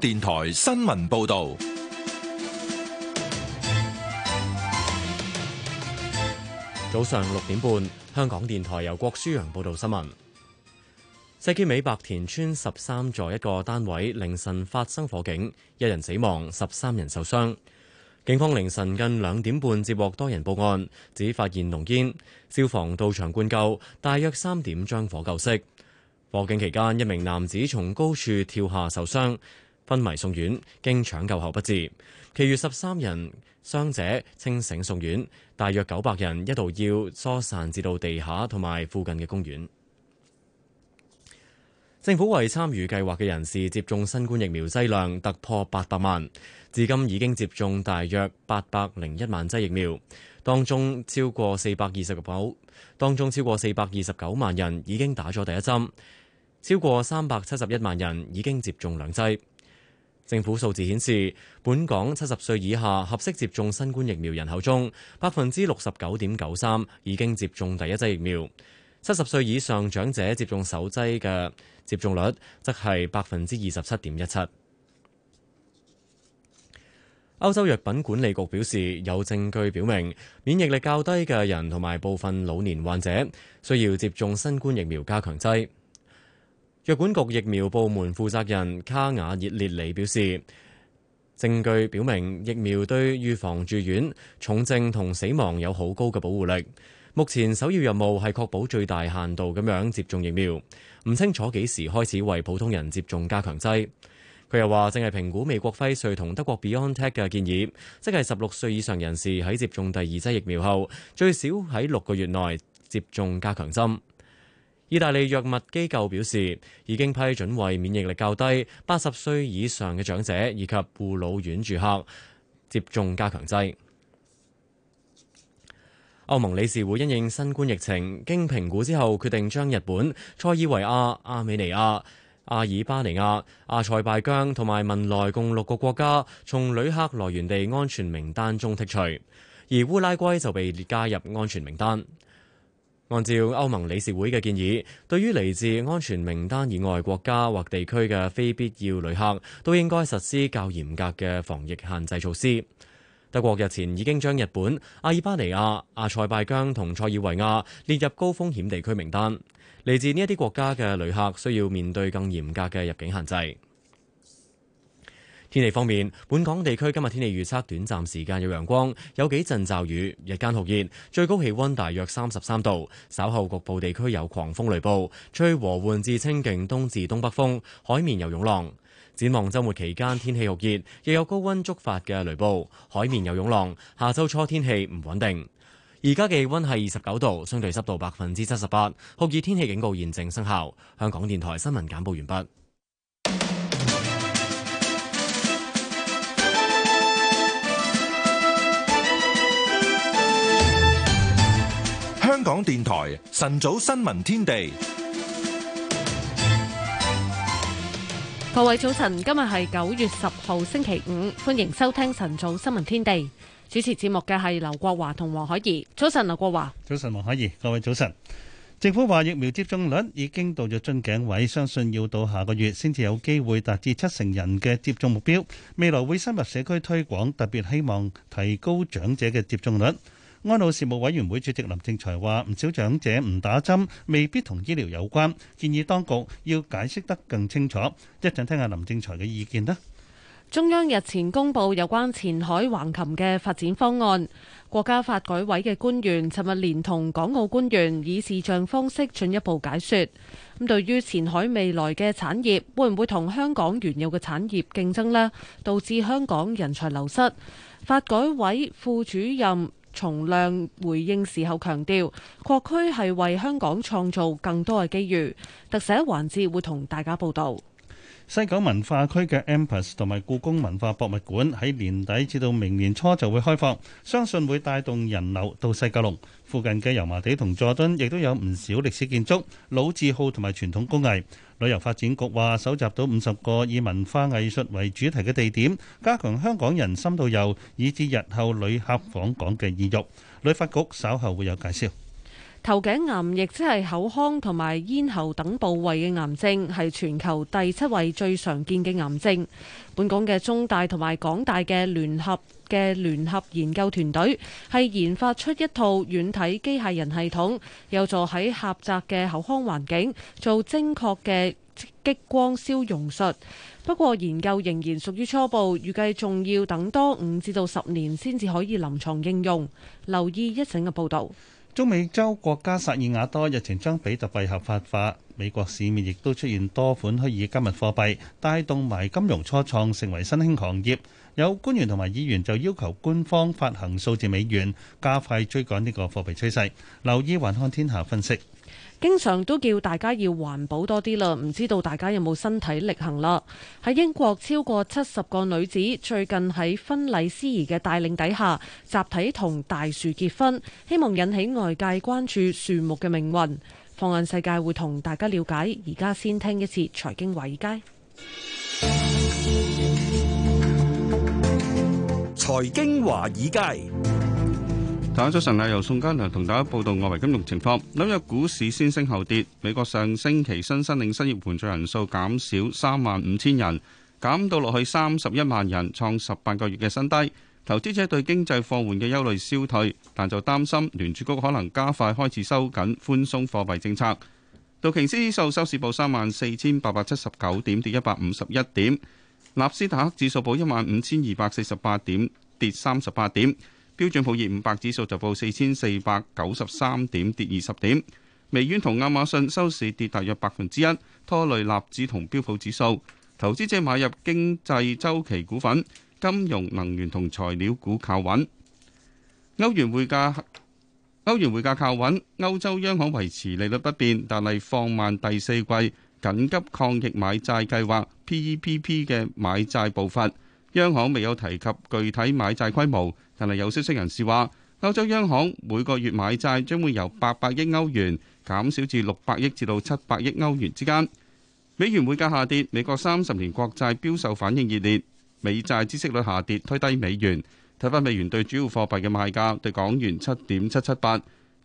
電台新聞報道，早上六點半，香港電台由郭書洋報道新聞。石硤尾白田村十三座一個單位凌晨發生火警，一人死亡，十三人受傷。警方凌晨近兩點半接獲多人報案，只發現濃煙，消防到場灌救，大約三點將火救熄。火警期間，一名男子從高處跳下受傷。昏迷送院，經搶救後不治。其餘十三人傷者清醒送院，大約九百人一度要疏散至到地下同埋附近嘅公園。 政府為參與計劃嘅人士接種新冠疫苗劑量突破八百萬，至今已經接種大約八百零一萬劑疫苗，當中超過四百二十個九，當中超過四百二十九萬人已經打咗第一針，超過三百七十一萬人已經接種兩劑。政府數字顯示，本港七十歲以下合適接種新冠疫苗人口中，百分之六十九點九三已經接種第一劑疫苗；七十歲以上長者接種首劑嘅接種率則係百分之二十七點一七。歐洲藥品管理局表示，有證據表明免疫力較低嘅人同埋部分老年患者需要接種新冠疫苗加強劑。藥管局疫苗部門負責人卡瓦熱列尼表示，證據表明疫苗對預防住院、重症同死亡有好高嘅保護力。目前首要任務係確保最大限度咁樣接種疫苗。唔清楚幾時開始為普通人接種加強劑。佢又話正係評估美國輝瑞同德國 BioNTech 嘅建議，即係十六歲以上人士喺接種第二劑疫苗後，最少喺六個月內接種加強針。意大利藥物機構表示，已經批准為免疫力較低、八十歲以上嘅長者以及護老院住客接種加強劑。歐盟理事會因應新冠疫情，經評估之後決定將日本、塞爾維亞、阿美尼亞、阿爾巴尼亞、阿塞拜疆同埋文萊共六個國家從旅客來源地安全名單中剔除，而烏拉圭就被加入安全名單。按照歐盟理事會嘅建議，對於嚟自安全名單以外國家或地區嘅非必要旅客，都應該實施較嚴格嘅防疫限制措施。德國日前已經將日本、阿爾巴尼亞、阿塞拜疆同塞爾維亞列入高風險地區名單，嚟自呢一啲國家嘅旅客需要面對更嚴格嘅入境限制。天氣方面，本港地區今日天氣預測，短暫時間有陽光，有幾陣驟雨，日間酷熱，最高氣溫大約三十三度。稍後局部地區有狂風雷暴，吹和緩至清勁東至東北風，海面有湧浪。展望週末期間天氣酷熱，亦有高溫觸發嘅雷暴，海面有湧浪。下週初天氣唔穩定。而家嘅氣溫係二十九度，相對濕度百分之七十八，酷熱天氣警告現正生效。香港電台新聞簡報完畢。香港電台晨早新聞天地，各位早晨，今日係九月十號星期五，歡迎收聽晨早新聞天地。主持節目嘅係劉國華同黃海怡。早晨，劉國華，早晨，黃海怡，各位早晨。政府話疫苗接種率已經到咗樽頸位，相信要到下個月先至有機會達至七成人嘅接種目標。未來會深入社區推廣，特別希望提高長者嘅接種率。安老事務委員會主席林正財話：唔少長者唔打針，未必同醫療有關，建議當局要解釋得更清楚。一陣聽下林正財嘅意見啦。中央日前公布有關前海橫琴嘅發展方案，國家發改委嘅官員尋日連同港澳官員以視像方式進一步解說。咁對於前海未來嘅產業，會唔會同香港原有嘅產業競爭呢？導致香港人才流失。發改委副主任，.從量回應時候強調，擴區係為香港創造更多嘅機遇。特寫環節會同大家報道。西九文化區嘅 M+ 同埋故宮文化博物館喺年底至到明年初就會開放，相信會帶動人流到西九龍。附近嘅油麻地同佐敦亦都有唔少歷史建築、老字號同埋傳統工藝。旅遊發展局話，搜集到五十個以文化藝術為主題嘅地點，加強香港人深度遊，以至日後旅客訪港嘅意欲。旅發局稍後會有介紹。頭頸癌亦即係口腔同埋咽喉等部位嘅癌症，係全球第七位最常見嘅癌症。本港嘅中大同埋港大嘅聯合嘅聯合研究團隊係研發出一套軟體機械人系統，有助喺狹窄嘅口腔環境做精確嘅激光消融術。不過研究仍然屬於初步，預計仲要等多五至到十年先至可以臨床應用。留意一陣嘅報導。中美洲國家薩爾瓦多日前將比特幣合法化，美國市面亦都出現多款虛擬加密貨幣，帶動埋金融初創成為新興行業。有官員同埋議員就要求官方發行數字美元，加快追趕呢個貨幣趨勢。留意《環看天下》分析。經常都叫大家要環保多啲啦，唔知道大家有冇身體力行啦。喺英國超過七十個女子最近喺婚禮司儀嘅帶領底下，集體同大樹結婚，希望引起外界關注樹木嘅命運。放眼世界會同大家了解，而家先聽一次財經華爾街。財經華爾街。大家早晨由宋嘉良同大家報道外圍金融情況。紐約股市先升後跌，美國上星期新申領失業援助人數減少三萬五千人，減到落去三十一萬人，創十八個月嘅新低。投資者對經濟放緩嘅憂慮消退，但就擔心聯儲局可能加快開始收緊寬鬆貨幣政策。道瓊斯指數收市報三萬四千八百七十九點，跌一百五十一點；納斯達克指數報一萬五千二百四十八點，跌三十八點。標準普爾五百指數就報四千四百九十三點，跌二十點。微軟同亞馬遜收市跌大約百分之一，拖累納指同標普指數。投資者買入經濟周期股份、金融、能源同材料股靠穩。歐元匯價歐元匯價靠穩。歐洲央行維持利率不變，但係放慢第四季緊急抗疫買債計劃 （PEPP） 嘅買債步伐。央行未有提及具體買債規模。但係有消息人士話，歐洲央行每個月買債將會由八百億歐元減少至六百億至到七百億歐元之間。美元匯價下跌，美國三十年國債標售反應熱烈，美債孳息率下跌推低美元。睇翻美元對主要貨幣嘅賣價，對港元七點七七八，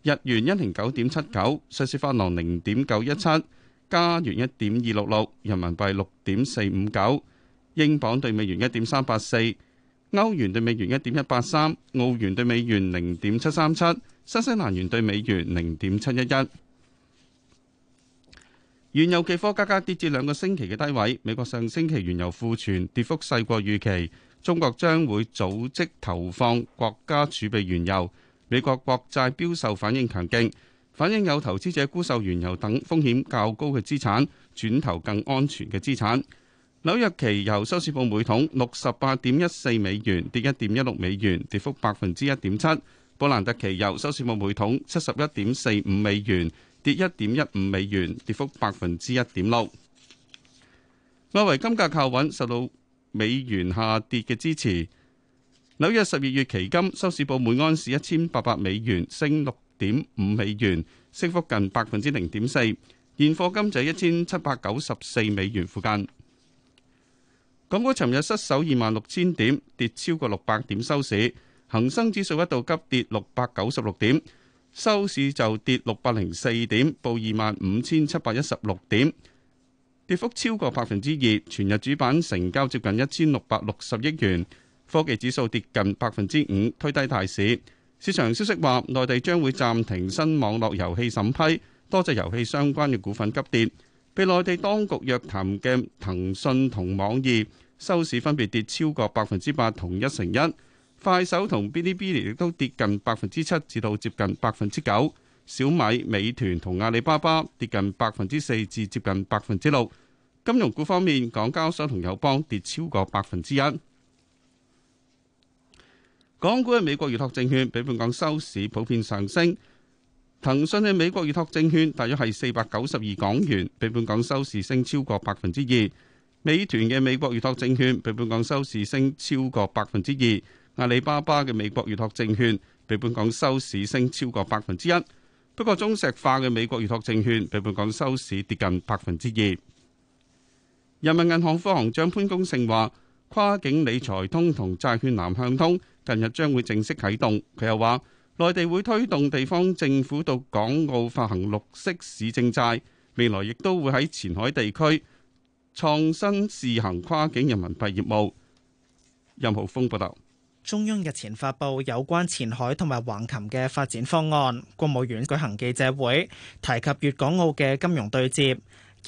日元一零九點七九，瑞士法郎零點九一七，加元一點二六六，人民幣六點四五九，英鎊對美元一點三八四。歐元對美元一點一八三，澳元對美元零點七三七，新西蘭元對美元零點七一一。原油期貨價格跌至兩個星期嘅低位。美國上星期原油庫存跌幅細過預期。中國將會組織投放國家儲備原油。美國國債標售反應強勁，反映有投資者沽售原油等風險較高嘅資產，轉投更安全嘅資產。紐約期油收市報每桶六十八點一四美元，跌一點一六美元，跌幅百分之一點七。布蘭特期油收市報每桶七十一點四五美元，跌一點一五美元，跌幅百分之一點六。外圍金價靠穩，受到美元下跌嘅支持。紐約十二月期金收市報每安士一千八百美元，升六點五美元，升幅近百分之零點四。現貨金就一千七百九十四美元附近。港股尋日失守二萬六千點，跌超過六百點收市。恆生指數一度急跌六百九十六點，收市就跌六百零四點，報二萬五千七百一十六點，跌幅超過百分之二。全日主板成交接近一千六百六十億元。科技指數跌近百分之五，推低大市。市場消息話，內地將會暫停新網絡遊戲審批，多隻遊戲相關嘅股份急跌。被內地當局約談嘅騰訊同網易，收市分別跌超過百分之八同一成一，快手同嗶哩嗶哩亦都跌近百分之七至到接近百分之九，小米、美團同阿里巴巴跌近百分之四至接近百分之六。金融股方面，港交所同友邦跌超過百分之一。港股嘅美國預託證券比本港收市普遍上升，騰訊嘅美國預託證券大約係四百九十二港元，比本港收市升超過百分之二。美團嘅美國預託證券被本港收市升超過百分之二，阿里巴巴嘅美國預託證券被本港收市升超過百分之一。不過中石化嘅美國預託證券被本港收市跌近百分之二。人民銀行副行長潘功勝話，跨境理財通同債券南向通近日將會正式啟動。佢又話，內地會推動地方政府到港澳發行綠色市政債，未來亦都會喺前海地區。創新試行跨境人民幣業務。任浩峰報導。中央日前發布有關前海同埋橫琴嘅發展方案，國務院舉行記者會，提及粵港澳嘅金融對接。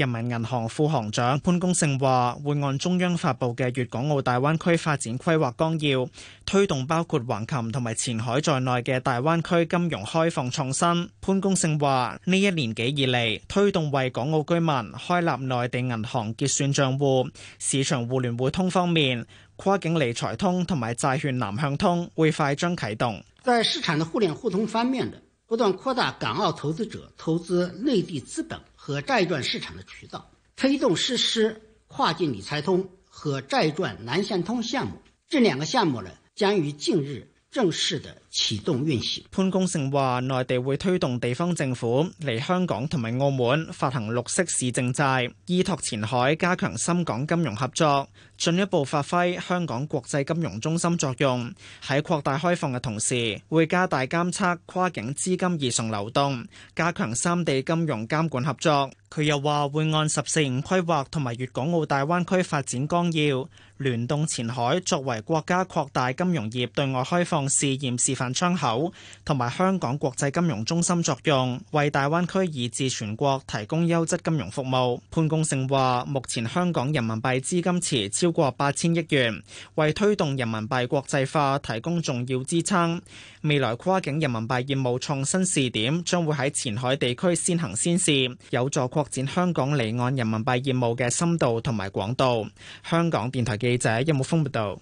人民銀行副行長潘功勝話：會按中央發布嘅《粵港澳大灣區發展規劃綱要》，推動包括橫琴同埋前海在內嘅大灣區金融開放創新。潘功勝話：呢一年幾以嚟，推動為港澳居民開立內地銀行結算賬戶。市場互聯互通方面，跨境理財通同埋債券南向通會快將啟動。在市場的互聯互通方面，不斷擴大港澳投資者投資內地資本。和債券市場的渠道，推動實施跨境理財通和債券南向通項目。這兩個項目呢，將於近日。正式的啟動運行。潘功勝話，內地會推動地方政府嚟香港同埋澳門發行綠色市政債，依託前海加強深港金融合作，進一步發揮香港國際金融中心作用。喺擴大開放嘅同時，會加大監測跨境資金異常流動，加強三地金融監管合作。佢又話會按十四五規劃同埋粵港澳大灣區發展綱要。聯動前海作為國家擴大金融業對外開放試驗示範窗口，同埋香港國際金融中心作用，為大灣區以至全國提供優質金融服務。潘功勝話：目前香港人民幣資金池超過八千億元，為推動人民幣國際化提供重要支撐。未來跨境人民幣業務創新試點將會喺前海地區先行先試，有助擴展香港離岸人民幣業務嘅深度同埋廣度。香港電台。記者任木峰報道：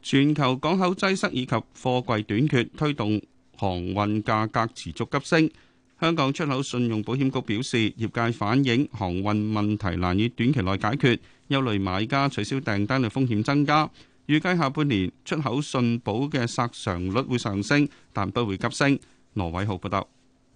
全球港口擠塞以及貨櫃短缺，推動航運價格持續急升。香港出口信用保險局表示，業界反映航運問題難以短期內解決，憂慮買家取消訂單嘅風險增加。預計下半年出口信保嘅殺常率會上升，但不會急升。羅偉浩報道。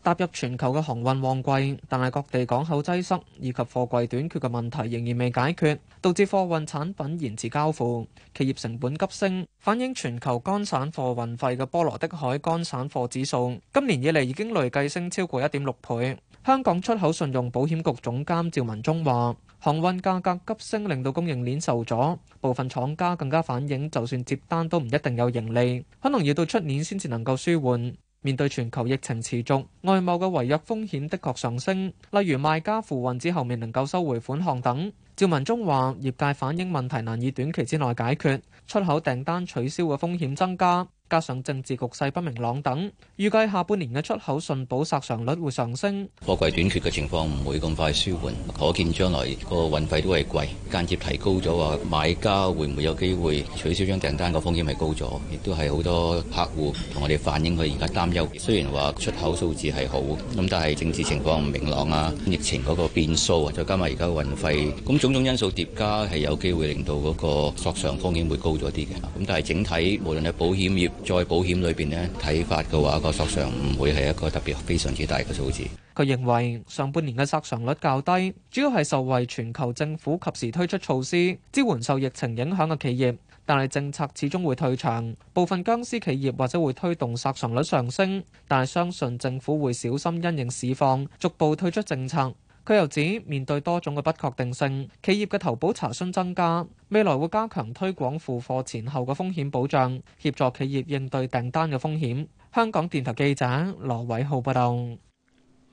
踏入全球嘅航運旺季，但係各地港口擠塞以及貨櫃短缺嘅問題仍然未解決，導致貨運產品延遲交付，企業成本急升。反映全球乾散貨運費嘅波羅的海乾散貨指數，今年以嚟已經累計升超過一點六倍。香港出口信用保險局總監趙文忠話，航運價格急升令到供應鏈受阻，部分廠家更加反映，就算接單都唔一定有盈利，可能要到出年先至能夠舒緩。面對全球疫情持續，外貿嘅違約風險的確上升，例如賣家付運之後未能夠收回款項等。趙文忠話：業界反映問題難以短期之內解決，出口訂單取消嘅風險增加。加上政治局勢不明朗等，預計下半年嘅出口信保索償率會上升。貨櫃短缺嘅情況唔會咁快舒緩，可見將來個運費都係貴，間接提高咗，話買家會唔會有機會取消張訂單個風險係高咗，亦都係好多客戶同我哋反映佢而家擔憂。雖然話出口數字係好，咁但係政治情況唔明朗啊，疫情嗰個變數啊，再加埋而家運費，咁種種因素疊加係有機會令到嗰個索償風險會高咗啲嘅。咁但係整體無論係保險業，在保險裏邊呢，睇法嘅話，個索償唔會係一個特別非常之大嘅數字。佢認為上半年嘅索償率較低，主要係受惠全球政府及時推出措施支援受疫情影響嘅企業，但係政策始終會退場，部分僵屍企業或者會推動索償率上升，但係相信政府會小心因應市況，逐步退出政策。佢又指面對多種嘅不確定性，企業嘅投保查詢增加，未來會加強推廣付貨前後嘅風險保障，協助企業應對訂單嘅風險。香港電台記者羅偉浩報道。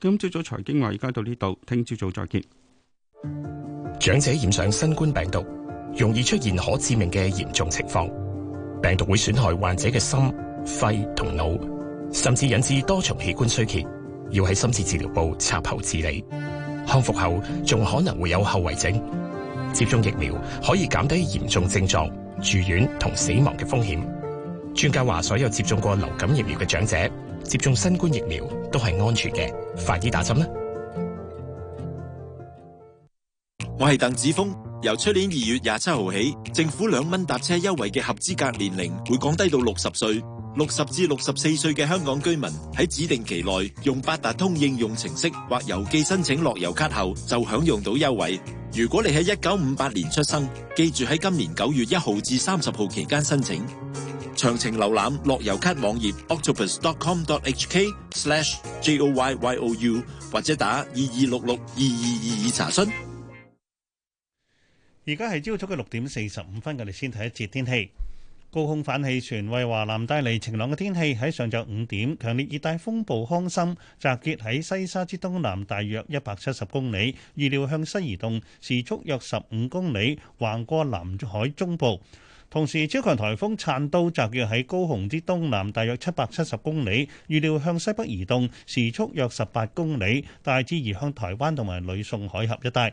今朝早財經話而家到呢度，聽朝早再見。長者染上新冠病毒，容易出現可致命嘅嚴重情況，病毒會損害患者嘅心、肺同腦，甚至引致多重器官衰竭，要喺深切治療部插喉治理。康復後仲可能會有後遺症，接種疫苗可以減低嚴重症狀、住院同死亡嘅風險。專家話，所有接種過流感疫苗嘅長者接種新冠疫苗都係安全嘅，快啲打針啦！我係鄧梓峰，由出年二月廿七號起，政府兩蚊搭車優惠嘅合資格年齡會降低到六十歲。六十至六十四歲嘅香港居民喺指定期內用八達通應用程式或郵寄申請樂游卡後，就享用到優惠。如果你喺一九五八年出生，記住喺今年九月一號至三十號期間申請。詳情瀏覽樂游卡網頁：octopus.com.hk/joyyou，或者打二二六六二二二二查詢。而家係朝早嘅六點四十五分，我哋先睇一節天氣。高空反氣旋為華南帶嚟晴朗嘅天氣。喺上晝五點，強烈熱帶風暴康森集結喺西沙之東南，大約170公里，預料向西移動，時速約15公里，橫過南海中部。同時，超強颱風燦都集結喺高雄之東南，大約770公里，預料向西北移動，時速約18公里，大致移向台灣同埋呂宋海峽一帶。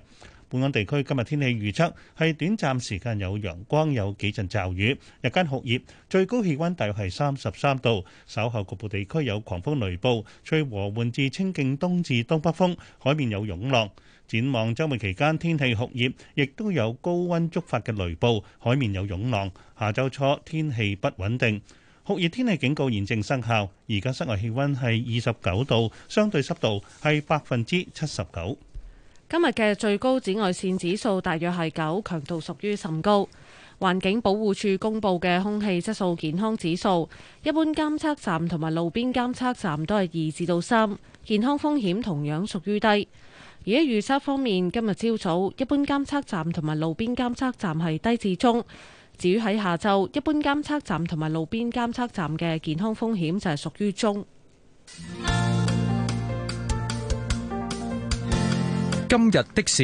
本港地區今日天氣預測係短暫時間有陽光，有幾陣驟雨，日間酷熱，最高氣温大約係三十三度。稍後局部地區有狂風雷暴，吹和緩至清勁東至東北風，海面有湧浪。展望週末期間天氣酷熱，亦都有高温觸發嘅雷暴，海面有湧浪。下週初天氣不穩定，酷熱天氣警告現正生效。而家室外氣温係二十九度，相對濕度係百分之七十九。今日嘅最高紫外線指數大約係九，強度屬於甚高。環境保護署公布嘅空氣質素健康指數，一般監測站同埋路邊監測站都係二至到三，健康風險同樣屬於低。而喺預測方面，今日朝早一般監測站同埋路邊監測站係低至中，至於喺下晝，一般監測站同埋路邊監測站嘅健康風險就係屬於中。 今日的事，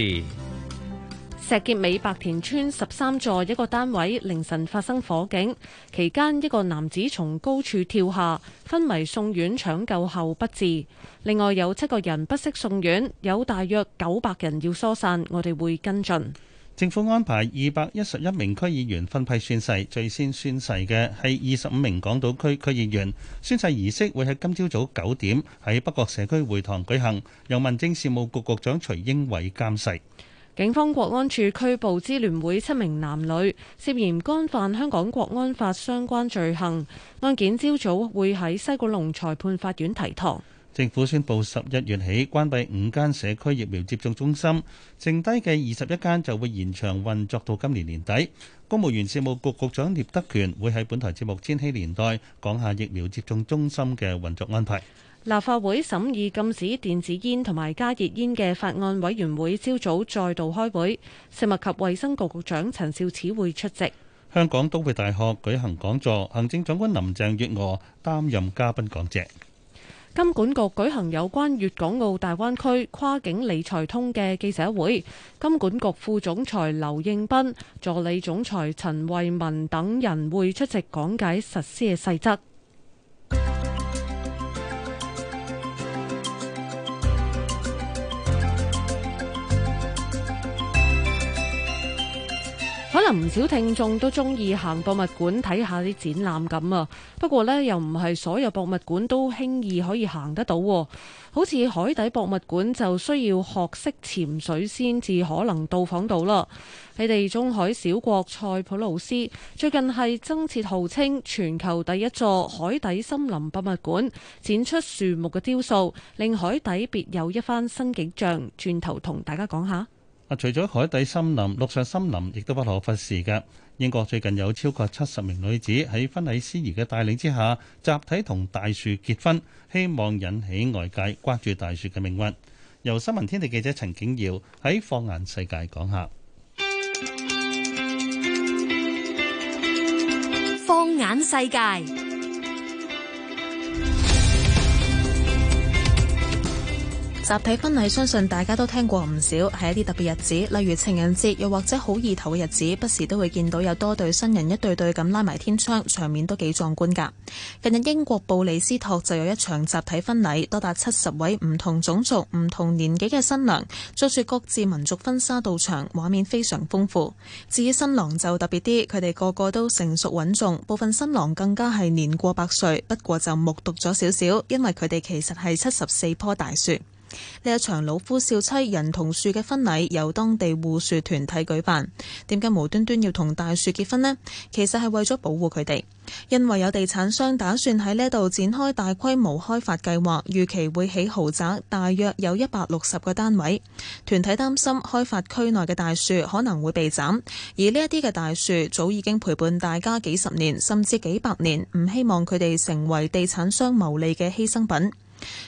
石硤尾白田村十三座一個單位凌晨發生火警，期間一個男子從高處跳下，昏迷送院搶救後不治。另外有七個人不適送院，有大約九百人要疏散，我哋會跟進。政府安排二百一十一名區議員分配宣誓，最先宣誓嘅係二十五名港島區區議員。宣誓儀式會喺今朝早九點喺北角社區會堂舉行，由民政事務局局長徐英偉監誓。警方國安處拘捕支聯會七名男女，涉嫌干犯香港國安法相關罪行，案件朝早會喺西九龍裁判法院提堂。政府宣布十一月起關閉五間社區疫苗接種中心，剩低嘅二十一間就會延長運作到今年年底。公務員事務局局長聶德權會喺本台節目《千禧年代》講下疫苗接種中心嘅運作安排。立法會審議禁止電子煙同埋加熱煙嘅法案委員會朝早再度開會，食物及衛生局局長陳肇始會出席。香港都會大學舉行講座，行政長官林鄭月娥擔任嘉賓講者。金管局舉行有關粵港澳大灣區跨境理財通嘅記者會，金管局副總裁劉應彬、助理總裁陳惠文等人會出席，講解實施嘅細則。可能唔少聽眾都中意行博物館睇下啲展覽咁啊，不過呢，又唔係所有博物館都輕易可以行得到，好似海底博物館就需要學識潛水先至可能到訪到啦。喺地中海小國塞浦路斯，最近係增設號稱全球第一座海底森林博物館，展出樹木嘅雕塑，令海底別有一番新景象。轉頭同大家講下。啊！除咗海底森林、陸上森林，亦都不可忽視嘅。英國最近有超過七十名女子喺婚禮司儀嘅帶領之下，集體同大樹結婚，希望引起外界關注大樹嘅命運。由新聞天地記者陳景耀喺《放眼世界》講下《放眼世界》。集體婚禮相信大家都聽過唔少，係一啲特別日子，例如情人節，又或者好意頭嘅日子，不時都會見到有多對新人一對對咁拉埋天窗，場面都幾壯觀㗎。近日英國布里斯托就有一場集體婚禮，多達七十位唔同種族、唔同年紀嘅新娘，着住各自民族婚紗到場，畫面非常豐富。至於新郎就特別啲，佢哋個個都成熟穩重，部分新郎更加係年過百歲，不過就目睹咗少少，因爲佢哋其實係七十四棵大樹。呢一場老夫少妻人同樹嘅婚禮由當地護樹團體舉辦，點解無端端要同大樹結婚呢？其實係為咗保護佢哋，因為有地產商打算喺呢度展開大規模開發計劃，預期會起豪宅，大約有一百六十個單位。團體擔心開發區內嘅大樹可能會被斬，而呢一啲嘅大樹早已經陪伴大家幾十年，甚至幾百年，唔希望佢哋成為地產商牟利嘅犧牲品。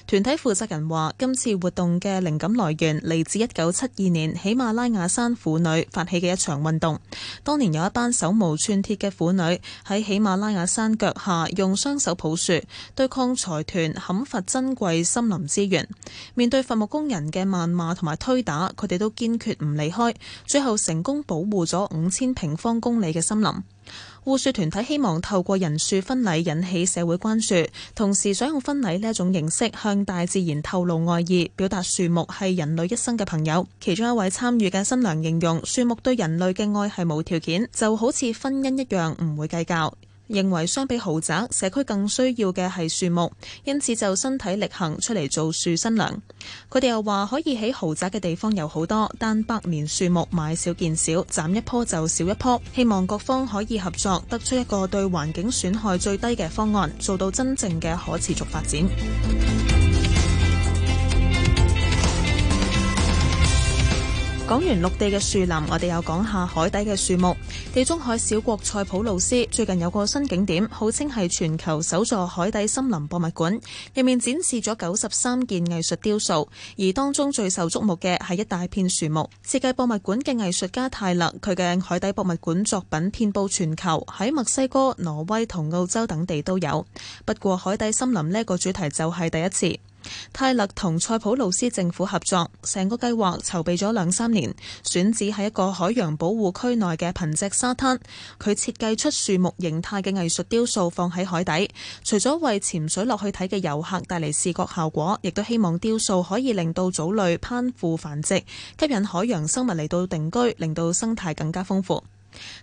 團體負責人話：今次活動嘅靈感來源嚟自一九七二年喜馬拉雅山婦女發起嘅一場運動。當年有一班手無寸鐵嘅婦女喺喜馬拉雅山腳下用雙手抱樹，對抗財團砍伐珍貴森林資源。面對伐木工人嘅謾罵同埋推打，佢哋都堅決唔離開，最後成功保護咗五千平方公里嘅森林。護樹團體希望透過人樹婚禮引起社會關注，同時想用婚禮呢一種形式向大自然透露愛意，表達樹木係人類一生嘅朋友。其中一位參與嘅新娘形容，樹木對人類嘅愛係無條件，就好似婚姻一樣唔會計較。認為相比豪宅，社區更需要嘅係樹木，因此，就身體力行出嚟做樹新娘。佢哋又話可以喺豪宅嘅地方有好多，但百年樹木買少見少，斬一棵就少一棵。希望各方可以合作，得出一個對環境損害最低嘅方案，做到真正嘅可持續發展。講完陸地嘅樹林，我哋又講下海底嘅樹木。地中海小國塞浦路斯最近有個新景點，號稱係全球首座海底森林博物館，入面展示咗九十三件藝術雕塑，而當中最受矚目嘅係一大片樹木。設計博物館嘅藝術家泰勒，佢嘅海底博物館作品遍佈全球，喺墨西哥、挪威同澳洲等地都有。不過海底森林呢個主題就係第一次。泰勒同塞浦路斯政府合作，成個計劃籌備咗兩三年。選址喺一個海洋保護區內嘅貧瘠沙灘，佢設計出樹木形態嘅藝術雕塑放喺海底。除咗為潛水落去睇嘅遊客帶嚟視覺效果，亦都希望雕塑可以令到藻類攀附繁殖，吸引海洋生物嚟到定居，令到生態更加豐富。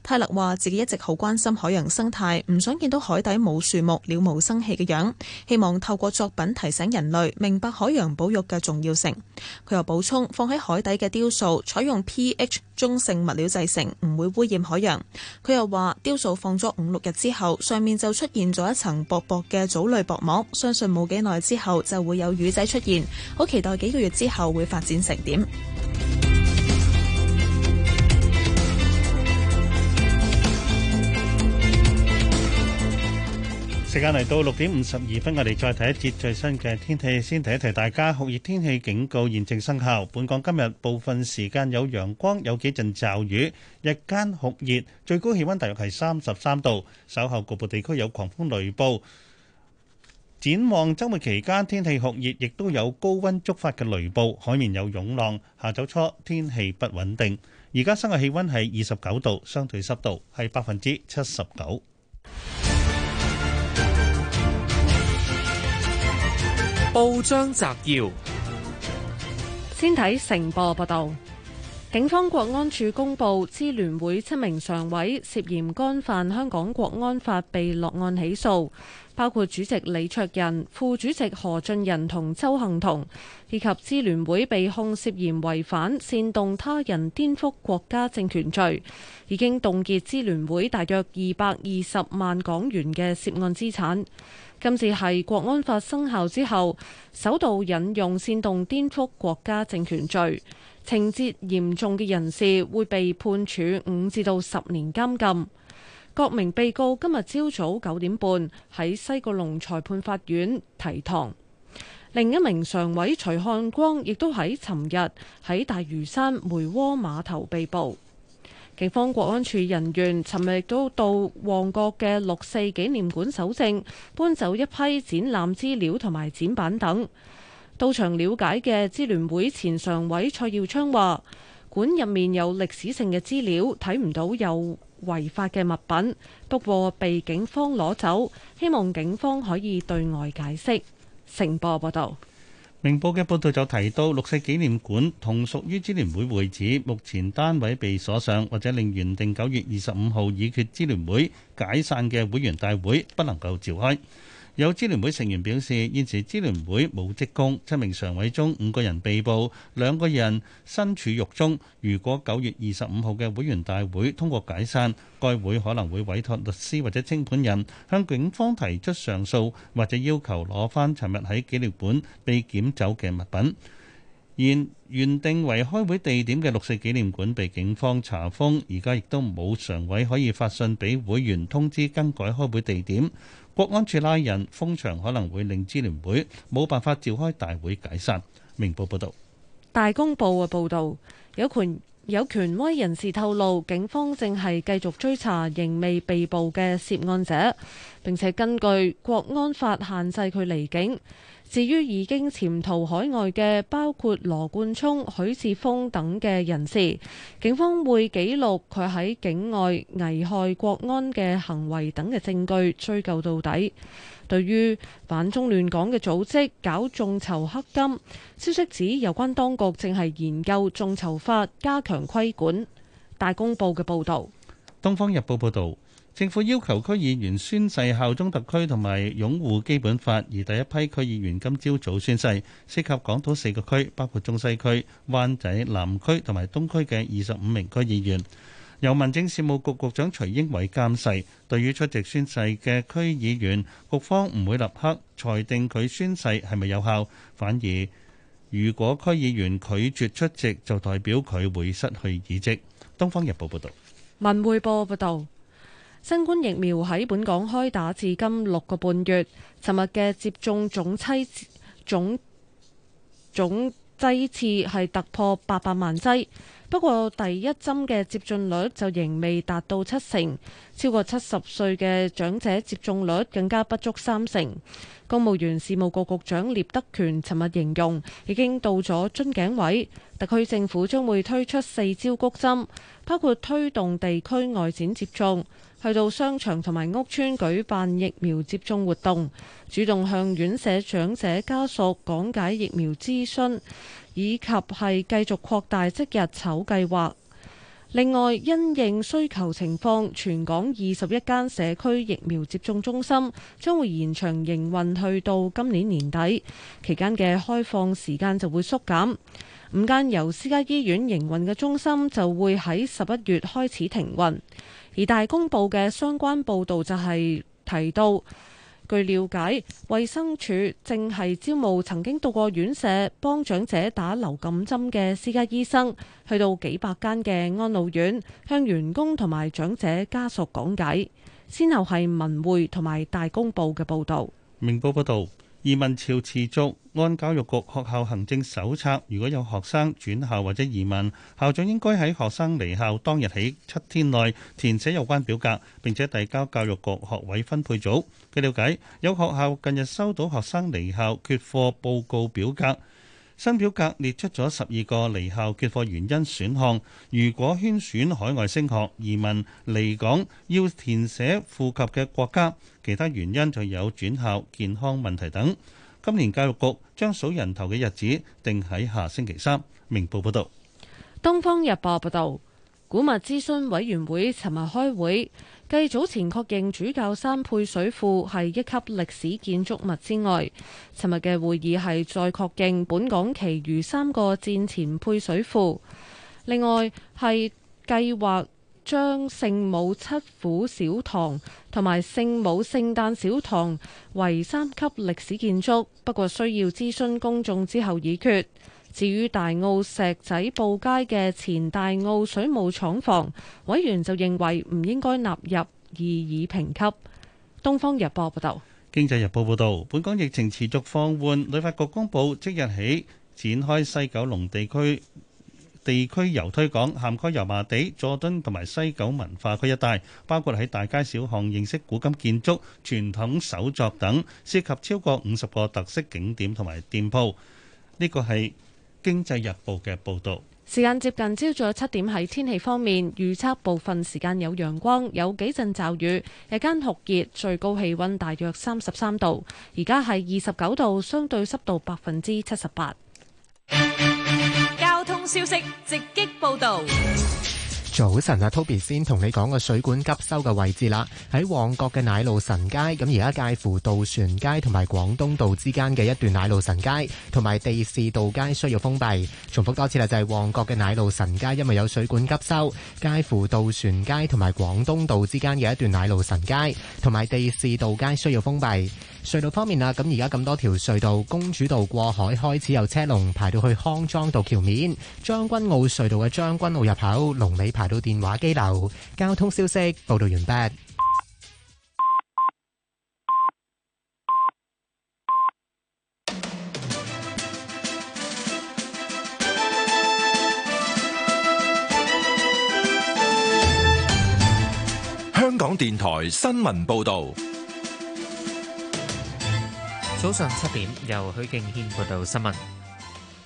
泰勒話：自己一直好關心海洋生態，唔想見到海底冇樹木、了無生氣嘅樣，希望透過作品提醒人類明白海洋保育嘅重要性。佢又補充：放喺海底嘅雕塑採用 pH 中性物料製成，唔會污染海洋。佢又話：雕塑放咗五六日之後，上面就出現咗一層薄薄嘅藻類薄膜，相信冇幾耐之後就會有魚仔出現，好期待幾個月之後會發展成點。時間嚟到六點五十二分，我哋再睇一節最新嘅天氣。先提一提大家，酷熱天氣警告現正生效。本港今日部分時間有陽光，有幾陣驟雨，日間酷熱，最高氣温大約係三十三度。稍後局部地區有狂風雷暴。展望周末期間天氣酷熱，亦都有高温觸發嘅雷暴，海面有湧浪，下晝初天氣不穩定。而家室外氣温係二十九度，相對濕度係百分之七十九。報章摘要，先睇成報報道，警方國安處公布，支聯會七名常委涉嫌干犯香港國安法被落案起訴，包括主席李卓人、副主席何俊仁同鄒幸彤，以及支聯會被控涉嫌違反煽動他人顛覆國家政權罪，已經凍結支聯會大約二百二十萬港元嘅涉案資產。今次係國安法生效之後首度引用煽動、顛覆國家政權罪，情節嚴重嘅人士會被判處五至到十年監禁。各名被告今日朝早九點半喺西九龍裁判法院提堂，另一名常委徐漢光亦都喺尋日喺大嶼山梅窩碼頭被捕。警方國安處人員尋日都到旺角嘅六四紀念館搜證，搬走一批展覽資料同埋展板等。到場了解嘅支聯會前常委蔡耀昌話：館入面有歷史性嘅資料，睇唔到有違法嘅物品，不過被警方攞走，希望警方可以對外解釋。成波報道。明報嘅報道就提到，六四紀念館同屬於支聯會會址，目前單位被鎖上，或者令原定九月二十五號議決支聯會解散嘅會員大會不能夠召開。有支聯會成員表示，現時支聯會冇職工，七名常委中五個人被捕，兩個人身處獄中。如果九月二十五號嘅會員大會通過解散，該會可能會委託律師或者清盤人向警方提出上訴，或者要求攞返尋日喺紀念館被檢走嘅物品。現原定為開會地點嘅六四紀念館被警方查封，而家亦都冇常委可以發信俾會員通知更改開會地點。國安處拉人封場，可能會令支聯會冇辦法召開大會解散。明報報道，大公報嘅報道有權有權威人士透露，警方正係繼續追查仍未被捕嘅涉案者，並且根據國安法限制佢離境。至於已經潛逃海外嘅包括羅冠聰、許智峰等嘅人士，警方會記錄佢喺境外危害國安嘅行為等嘅證據，追究到底。對於反中亂港嘅組織搞眾籌黑金，消息指有關當局正係研究眾籌法，加強規管。大公報嘅報導，《東方日報》報道。政府要求區議員宣誓效忠特區同埋擁護基本法，而第一批區議員今朝早，早宣誓，涉及港島四個區，包括中西區、灣仔、南區同埋東區嘅二十五名區議員，由民政事務局局長徐英偉監誓。對於出席宣誓嘅區議員，局方唔會立刻裁定佢宣誓係咪有效，反而如果區議員拒絕出席，就代表佢會失去議席。《東方日報》報道。《文匯報》報道。新冠疫苗喺本港開打至今六個半月，尋日嘅接種總劑總總劑次係突破八百萬劑，不過第一針嘅接種率就仍未達到七成，超過七十歲嘅長者接種率更加不足三成。公務員事務局局，局長聶德權尋日形容已經到咗樽頸位，特區政府將會推出四招谷針，包括推動地區外展接種。去到商場同埋屋邨舉辦疫苗接種活動，主動向院舍長者家屬講解疫苗諮詢，以及係繼續擴大即日籌計劃。另外，因應需求情況，全港二十一間社區疫苗接種中心將會延長營運，去到今年年底期間嘅開放時間就會縮減。五間由私家醫院營運嘅中心就會喺十一月開始停運。而大公報嘅相關報導就係提到，據了解，衛生署正係招募曾經到過院舍幫長者打流感針嘅私家醫生，去到幾百間嘅安老院，向員工同埋長者家屬講解。先後係文匯同埋大公報嘅報導。明報報導。移民潮持續，按教育局學校行政手冊，如果有學生轉校或者移民，校長應該喺學生離校當日起七天內填寫有關表格，並且遞交教育局學位分配組。據了解，有學校近日收到學生離校缺課報告表格。新表格列出咗十二個離校缺課原因選項，如果圈選海外升學、移民、離港，要填寫附及嘅國家；其他原因就有轉校、健康問題等。今年教育局將數人頭嘅日子定喺下星期三。明報報道。東方日報報道：古物諮詢委員會尋日開會。繼早前確認主教山配水庫係一級歷史建築物之外，尋日嘅會議係再確認本港其餘三個戰前配水庫。另外係計劃將聖母七苦小堂同埋聖母聖誕小堂為三級歷史建築，不過需要諮詢公眾之後已決。至於大澳石仔埗街嘅前大澳水務廠房，委員就認為唔應該納入二乙評級。《東方日報》報導，《經濟日報》報導，本港疫情持續放緩，旅發局公佈即日起展開西九龍地區地區遊推廣，涵蓋油麻地、佐敦同埋西九文化區一帶，包括喺大街小巷認識古今建築、傳統手作等，涉及超過五十個特色景點同埋店鋪。呢個係。《經濟日報》嘅報導，時間接近朝早七點。喺天氣方面，預測部分時間有陽光，有幾陣驟雨，日間酷熱，最高氣温大約三十三度。而家係二十九度，相對濕度百分之七十八。交通消息直擊報導。早晨啊，Toby 先同你講個水管急修嘅位置啦。喺旺角嘅奶路臣街，咁而家介乎渡船街同埋廣東道之間嘅一段奶路臣街同埋地市道街需要封閉。重複多次啦，就係、是、旺角嘅奶路臣街，因為有水管急修，介乎渡船街同埋廣東道之間嘅一段奶路臣街同埋地市道街需要封閉。隧道方面啊，咁而家咁多條隧道，公主道過海開始有車龍排到去康莊道橋面，將軍澳隧道嘅將軍澳入口龍尾排到電話機樓。交通消息報道完畢。香港電台新聞報道。早上七點，由許敬軒報道新聞。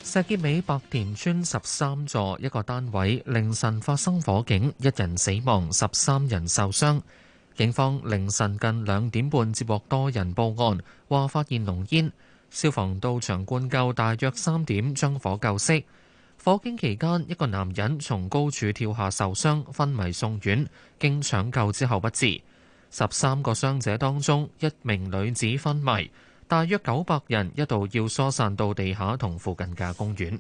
石硤尾白田村十三座一個單位凌晨發生火警，一人死亡，十三人受傷。警方凌晨近兩點半接獲多人報案，話發現濃煙。消防到場灌救，大約三點將火救熄。火警期間，一個男人從高處跳下受傷，昏迷送院，經搶救之後不治。十三個傷者當中，一名女子昏迷。大約九百人一度要疏散到地下同附近嘅公園。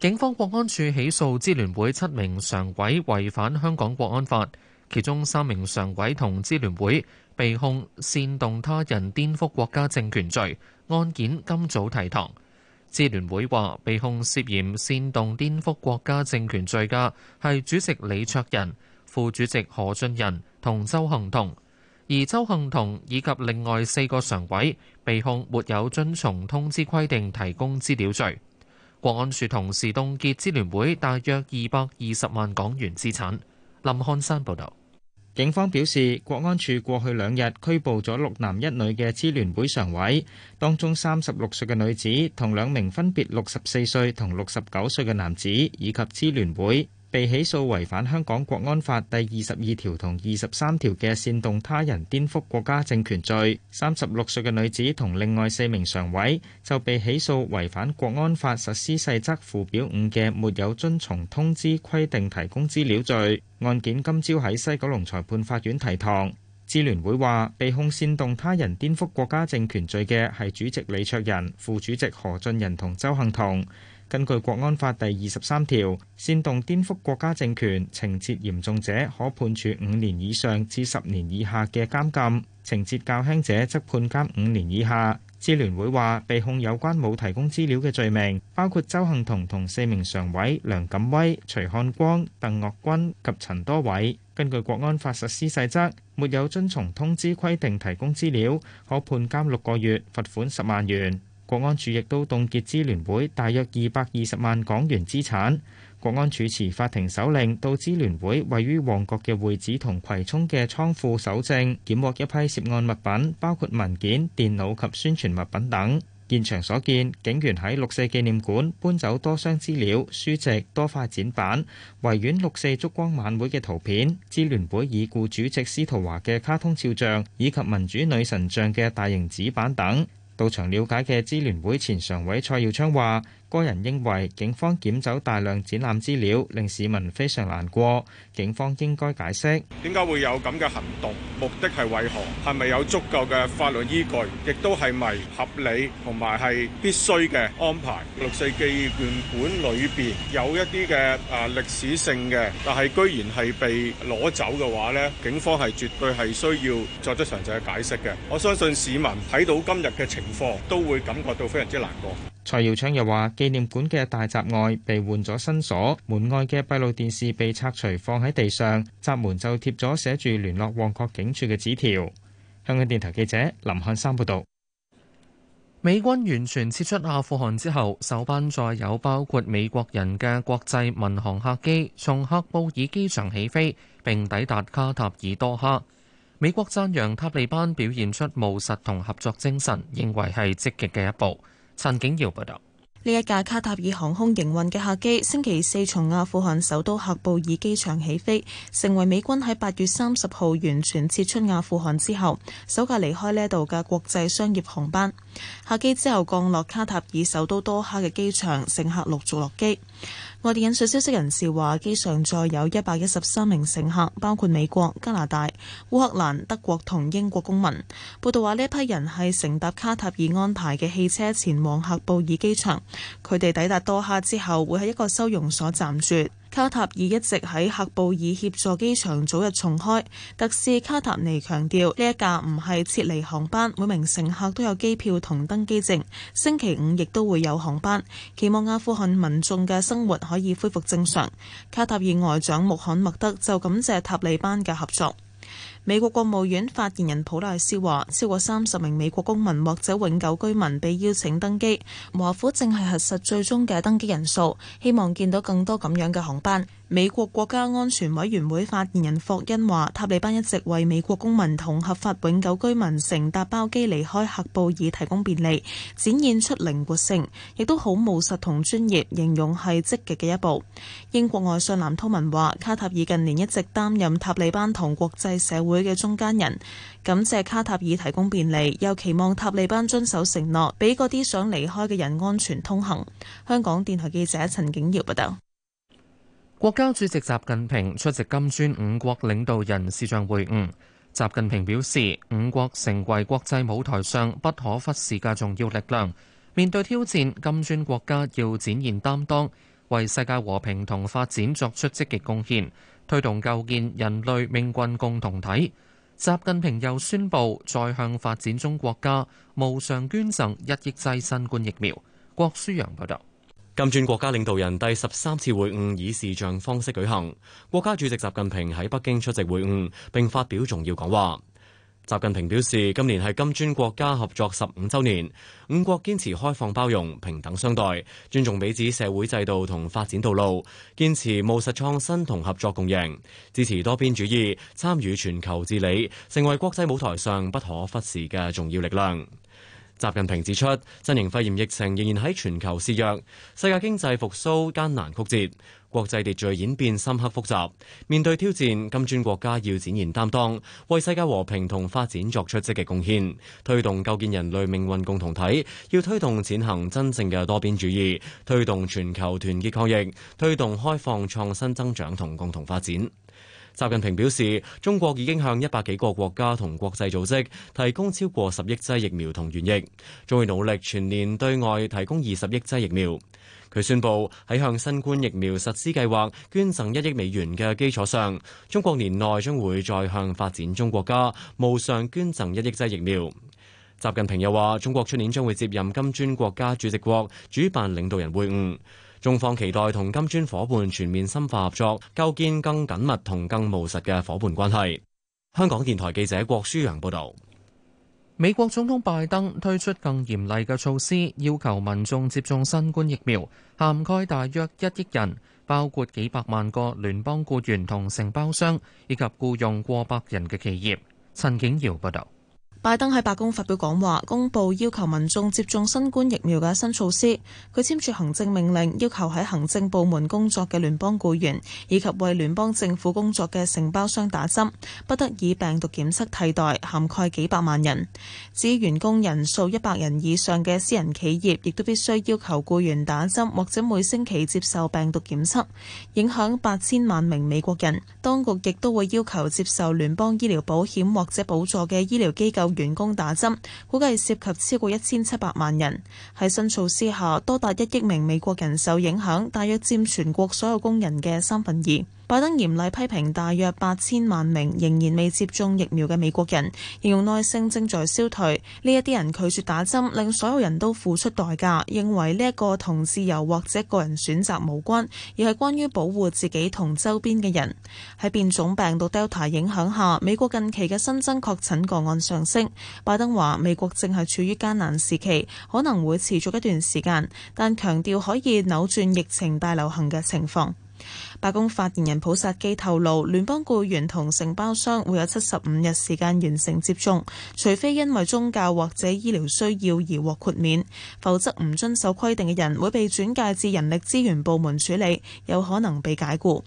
警方國安處起訴支聯會七名常委違反香港國安法，其中三名常委同支聯會被控煽動他人顛覆國家政權罪，案件今早提堂。支聯會話，被控涉嫌煽動顛覆國家政權罪嘅係主席李卓人、副主席何俊仁同周恒同。而鄒幸彤以及另外四個常委被控沒有遵從通知規定提供資料罪。國安處同時凍結支聯會大約二百二十萬港元資產。林漢山報道。警方表示國安處過去兩日拘捕咗六男一女嘅支聯會常委，當中三十六歲嘅女子同兩名分別六十四歲同六十九歲嘅男子以及支聯會。被起訴違反香港國安法第二十二條同二十三條嘅煽動他人顛覆國家政權罪，三十六歲嘅女子同另外四名常委就被起訴違反國安法實施細則附表五嘅沒有遵從通知規定提供資料罪。案件今朝喺西九龍裁判法院提堂。支聯會話，被控煽動他人顛覆國家政權罪嘅係主席李卓人、副主席何俊仁同鄒幸彤。根據國安法第二十三條，煽動顛覆國家政權，情節嚴重者可判處五年以上至十年以下嘅監禁，情節較輕者則判監五年以下。支聯會話，被控有關冇提供資料嘅罪名，包括鄒幸彤同四名常委梁錦威、徐漢光、鄧岳君及陳多偉。根據國安法實施細則，沒有遵從通知規定提供資料，可判監六個月，罰款十萬元。國安處亦都凍結支聯會大約二百二十萬港元資產。國安處持法庭手令到支聯會位於旺角嘅會址同葵涌嘅倉庫搜證，檢獲一批涉案物品，包括文件、電腦及宣傳物品等。現場所見，警員喺六四紀念館搬走多箱資料、書籍、多塊展板、維園六四燭光晚會嘅圖片、支聯會已故主席司徒華嘅卡通肖像以及民主女神像嘅大型紙板等。到場了解嘅支聯會前常委蔡耀昌話。個人認為，警方檢走大量展覽資料，令市民非常難過。警方應該解釋點解會有咁嘅行動，目的係為何，係咪有足夠嘅法律依據，亦都係咪合理同埋係必須嘅安排。六四紀念館裏邊有一啲嘅啊歷史性嘅，但係居然係被攞走嘅話呢，警方係絕對係需要作出詳細嘅解釋嘅。我相信市民睇到今日嘅情況，都會感覺到非常之難過。蔡耀昌又話：紀念館嘅大閘外被換咗新鎖，門外嘅閉路電視被拆除，放喺地上，閘門就貼咗寫住聯絡旺角警署嘅紙條。香港電台記者林漢山報道，美軍完全撤出阿富汗之後，首班載有包括美國人嘅國際民航客機從喀布爾機場起飛，並抵達卡塔爾多哈。美國讚揚塔利班表現出務實同合作精神，認為係積極嘅一步。陳景耀報道：呢一架卡塔爾航空營運嘅客機，星期四從阿富汗首都喀布爾機場起飛，成為美軍喺八月三十號完全撤出阿富汗之後，首架離開呢度嘅國際商業航班。客機之後降落卡塔爾首都多哈嘅機場，乘客陸續落機。外電引述消息人士話，機上載有一百一十三名乘客，包括美國、加拿大、烏克蘭、德國同英國公民。報道話呢一批人係乘搭卡塔爾安排嘅汽車前往喀布爾機場，佢哋抵達多哈之後會喺一個收容所暫住。卡塔爾一直喺喀布爾協助機場早日重開。特使卡塔尼強調，呢一架唔係撤離航班，每名乘客都有機票同登機證。星期五亦都會有航班。期望阿富汗民眾嘅生活可以恢復正常。卡塔爾外長穆罕默德就感謝塔利班嘅合作。美國國務院發言人普賴斯話：超過三十名美國公民或者永久居民被邀請登機。華府正係核實最終嘅登機人數，希望見到更多咁樣嘅航班。美國國家安全委員會發言人霍恩話：塔利班一直為美國公民同合法永久居民乘搭包機離開喀布爾提供便利，展現出靈活性，亦都好務實同專業，形容係積極嘅一步。英國外相藍韜文話：卡塔爾近年一直擔任塔利班同國際社會嘅中間人，感謝卡塔爾提供便利，又期望塔利班遵守承諾，俾嗰啲想離開嘅人安全通行。香港電台記者陳景耀報道。國家主席習近平出席金磚五國領導人視像會晤。習近平表示，五國成為國際舞台上不可忽視嘅重要力量。面對挑戰，金磚國家要展現擔當，為世界和平同發展作出積極貢獻，推動構建人類命運共同體。習近平又宣布，再向發展中國家無償捐贈一億劑新冠疫苗。郭舒陽報道。金磚國家領導人第十三次會晤以視像方式舉行，國家主席習近平喺北京出席會晤並發表重要講話。習近平表示，今年係金磚國家合作十五週年，五國堅持開放包容、平等相待，尊重彼此社會制度同發展道路，堅持務實創新同合作共贏，支持多邊主義，參與全球治理，成為國際舞台上不可忽視嘅重要力量。習近平指出，新型肺炎疫情仍然喺全球肆虐，世界經濟復甦艱難曲折，國際秩序演變深刻複雜。面對挑戰，金磚國家要展現擔當，為世界和平同發展作出積極貢獻，推動構建人類命運共同體。要推動踐行真正嘅多邊主義，推動全球團結抗疫，推動開放創新增長同共同發展。習近平表示，中國已經向一百幾個國家同國際組織提供超過十億劑疫苗同原液，將會努力全年對外提供二十億劑疫苗。佢宣布喺向新冠疫苗實施計劃捐贈一億美元嘅基礎上，中國年內將會再向發展中國家無償捐贈一億劑疫苗。習近平又話，中國出年將會接任金磚國家主席國，主辦領導人會晤。中方期待同金磚夥伴全面深化合作，構建更緊密同更務實嘅夥伴關係。香港電台記者郭書陽報道。美國總統拜登推出更嚴厲嘅措施，要求民眾接種新冠疫苗，涵蓋大約一億人，包括幾百萬個聯邦僱員同承包商，以及僱傭過百人嘅企業。陳景瑤報道。拜登喺白宮發表講話，公布要求民眾接種新冠疫苗嘅新措施。佢簽署行政命令，要求喺行政部門工作嘅聯邦雇員以及為聯邦政府工作嘅承包商打針，不得以病毒檢測替代，涵蓋幾百萬人。至於員工人數一百人以上嘅私人企業，亦都必須要求雇員打針或者每星期接受病毒檢測，影響八千萬名美國人。當局亦都會要求接受聯邦醫療保險或者補助嘅醫療機構。員工打針，估計涉及超過一千七百萬人。喺新措施下，多達一億名美國人受影響，大約佔全國所有工人嘅三分二。拜登嚴厲批評大約八千萬名仍然未接種疫苗嘅美國人，形容耐性正在消退。呢一啲人拒絕打針，令所有人都付出代價。認為呢一個同自由或者個人選擇無關，而係關於保護自己同周邊嘅人。喺變種病毒 Delta 影響下，美國近期嘅新增確診個案上升。拜登話：美國正係處於艱難時期，可能會持續一段時間，但強調可以扭轉疫情大流行嘅情況。白宮發言人普薩基透露，聯邦僱員同承包商會有七十五日時間完成接種，除非因為宗教或者醫療需要而獲豁免，否則唔遵守規定嘅人會被轉介至人力資源部門處理，有可能被解雇。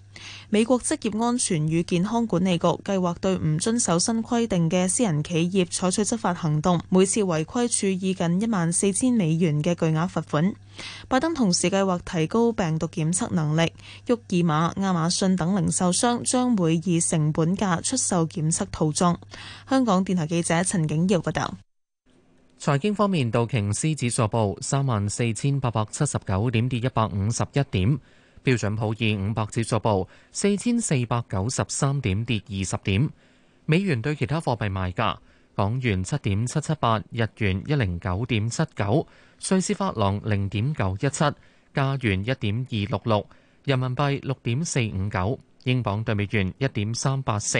美國職業安全與健康管理局計劃對唔遵守新規定嘅私人企業採取執法行動，每次違規處以近一萬四千美元嘅巨額罰款。拜登同時計劃提高病毒檢測能力，沃爾瑪、亞馬遜等零售商將會以成本價出售檢測套裝。香港電台記者陳景耀報道，財經方面，道瓊斯指數報三萬四千八百七十九點，跌一百五十一點；標準普爾五百指數報四千四百九十三點，跌二十點。美元對其他貨幣賣價。港元七點七七八，日元一零九點七九，瑞士法郎零點九一七，加元一點二六六，人民幣六點四五九，英鎊對美元一點三八四，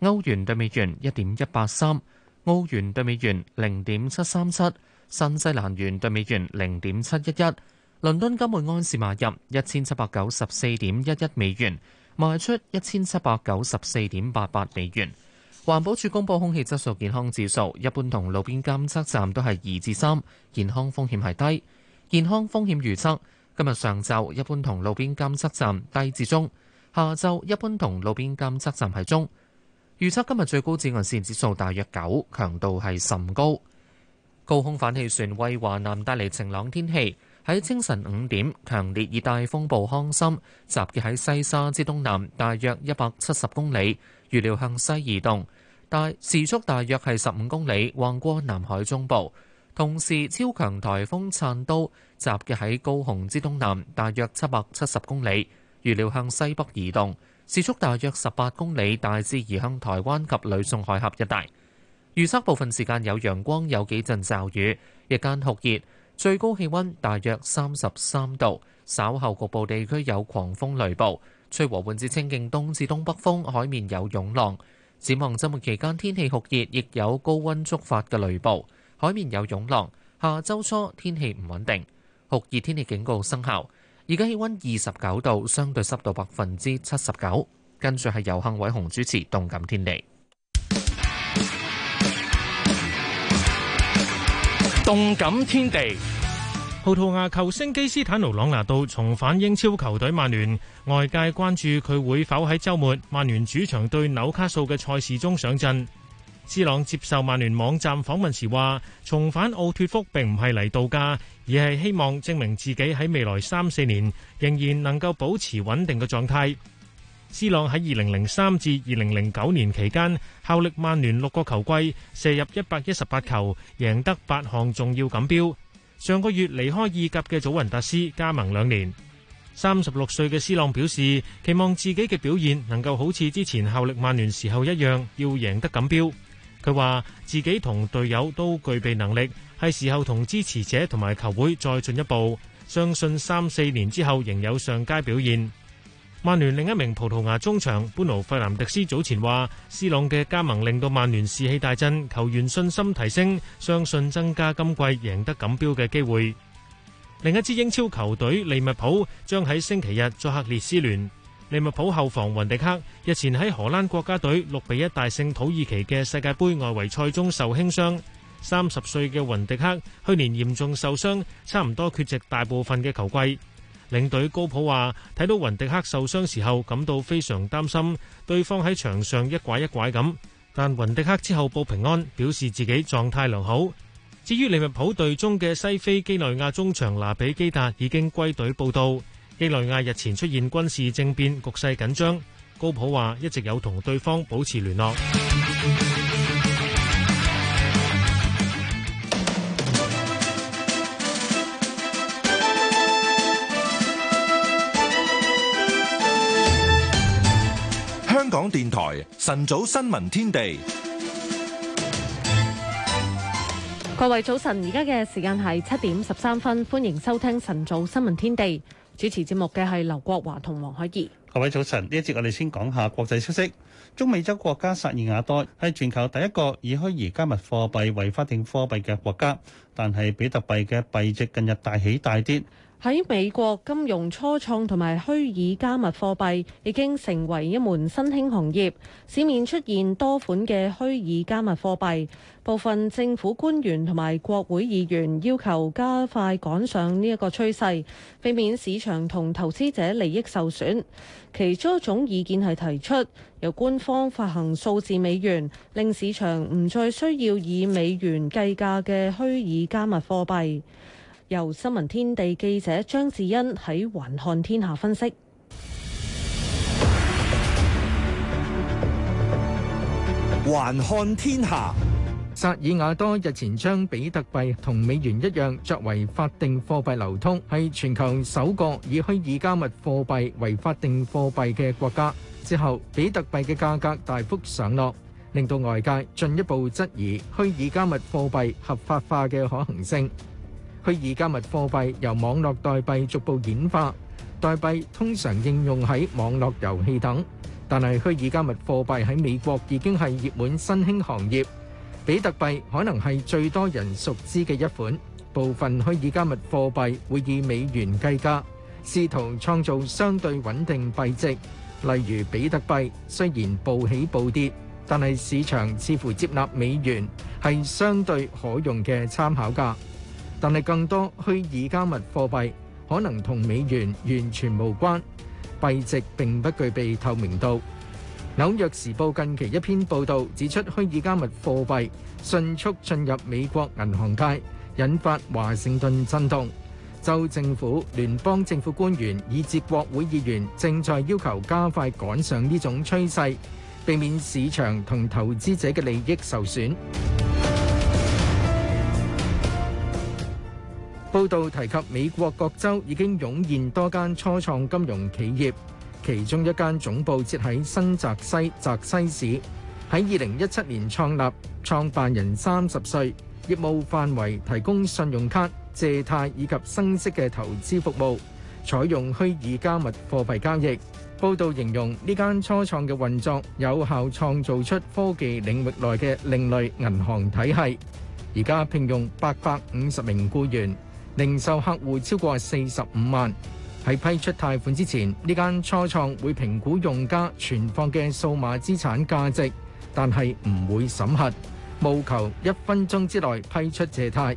歐元對美元一點一八三，澳元對美元零點七三七，新西蘭元對美元零點七一一。倫敦金每安士買入一千七百九十四點一一美元，賣出一千七百九十四點八八美元。環保署公布空氣質素健康指數，一般同路邊監測站都係二至三，健康風險係低。健康風險預測，今日上晝一般同路邊監測站低至中，下晝一般同路邊監測站係中。預測今日最高紫外線指數大約九，強度係甚高。高空反氣旋為華南帶嚟晴朗天氣。喺清晨五點，強烈熱帶風暴康森集結喺西沙之東南，大約一百七十公里。預料向西移動，大時速大約係十五公里，橫過南海中部。同時，超強颱風燦都集結喺高雄之東南，大約七百七十公里。預料向西北移動，時速大約十八公里，大致移向台灣及呂宋海峽一帶。預測部分時間有陽光，有幾陣驟雨，日間酷熱，最高氣溫大約三十三度。稍後局部地區有狂風雷暴。吹和緩至清勁，東至東北風，海面有湧浪。展望周末期間天氣酷熱，亦有高温觸發嘅雷暴，海面有湧浪。下周初天氣唔穩定，酷熱天氣警告生效。而家氣溫二十九度，相對濕度百分之七十九。跟住係由幸偉雄主持《動感天地》，《動感天地》。葡萄牙球星基斯坦奴·朗拿度重返英超球隊曼聯，外界關注佢會否喺周末曼聯主場對紐卡素嘅賽事中上陣。斯朗接受曼聯網站訪問時話，重返奧脱福並唔係嚟度假，而係希望證明自己喺未來三四年仍然能夠保持穩定嘅狀態。斯朗喺二零零三至二零零九年期間效力曼聯六個球季，射入一百一十八球，贏得八項重要錦標。上個月離開意甲嘅祖雲達斯加盟兩年，三十六歲嘅斯朗表示期望自己嘅表現能夠好似之前效力曼聯時候一樣，要贏得錦標。佢話自己同隊友都具備能力，係時候同支持者同埋球會再進一步，相信三四年之後仍有上佳表現。曼聯另一名葡萄牙中場般奴費南迪斯早前話，斯朗嘅加盟令到曼聯士氣大振，球員信心提升，相信增加今季贏得錦標嘅機會。另一支英超球隊利物浦將喺星期日作客列斯聯。利物浦後防雲迪克日前喺荷蘭國家隊六比一大勝土耳其嘅世界杯外圍賽中受輕傷。三十歲嘅雲迪克去年嚴重受傷，差唔多缺席大部分嘅球季。領隊高普話：睇到雲迪克受傷時候，感到非常擔心，對方喺場上一拐一拐咁。但雲迪克之後報平安，表示自己狀態良好。至於利物浦隊中嘅西非基內亞中場拿比基達已經歸隊報到。基內亞日前出現軍事政變，局勢緊張。高普話一直有同對方保持聯絡。香港電台晨早新聞天地，各位早晨，而家嘅時間係七點十三分，歡迎收聽晨早新聞天地。主持節目嘅係劉國華同黃海怡。各位早晨，呢一節我哋先講下國際消息。中美洲國家薩爾瓦多係全球第一個以虛擬加密貨幣為法定貨幣嘅國家，但係比特幣嘅幣值近日大起大跌。喺美國，金融初創同埋虛擬加密貨幣已經成為一門新興行業，市面出現多款嘅虛擬加密貨幣。部分政府官員同埋國會議員要求加快趕上呢一個趨勢，避免市場同投資者利益受損。其中一種意見係提出由官方發行數字美元，令市場唔再需要以美元計價嘅虛擬加密貨幣。由新聞天地記者張智恩喺《環看天下》分析，《環看天下》。薩爾瓦多日前將比特幣同美元一樣作為法定貨幣流通，係全球首個以虛擬加密貨幣為法定貨幣嘅國家。之後，比特幣嘅價格大幅上落，令到外界進一步質疑虛擬加密貨幣合法化嘅可行性。虛擬加密貨幣由網絡代幣逐步演化，代幣通常應用喺網絡遊戲等。但係虛擬加密貨幣喺美國已經係熱門新興行業，比特幣可能係最多人熟知嘅一款。部分虛擬加密貨幣會以美元計價，試圖創造相對穩定幣值。例如比特幣雖然暴起暴跌，但係市場似乎接納美元係相對可用嘅參考價。但係更多虛擬加密貨幣可能同美元完全無關，幣值並不具備透明度。《紐約時報》近期一篇報導指出，虛擬加密貨幣迅速進入美國銀行界，引發華盛頓震動。州政府、聯邦政府官員以及國會議員正在要求加快趕上呢種趨勢，避免市場同投資者嘅利益受損。報道提及美國各州已經湧現多間初創金融企業，其中一間總部設喺新澤西澤西市，喺二零一七年創立，創辦人三十歲，業務範圍提供信用卡、借貸以及新式嘅投資服務，採用虛擬加密貨幣交易。報道形容呢間初創嘅運作有效創造出科技領域內嘅另類銀行體系，而家聘用八百五十名僱員。零售客戶超過四十五萬。喺批出貸款之前，呢間初創會評估用家存放嘅數碼資產價值，但係唔會審核，務求一分鐘之內批出借貸。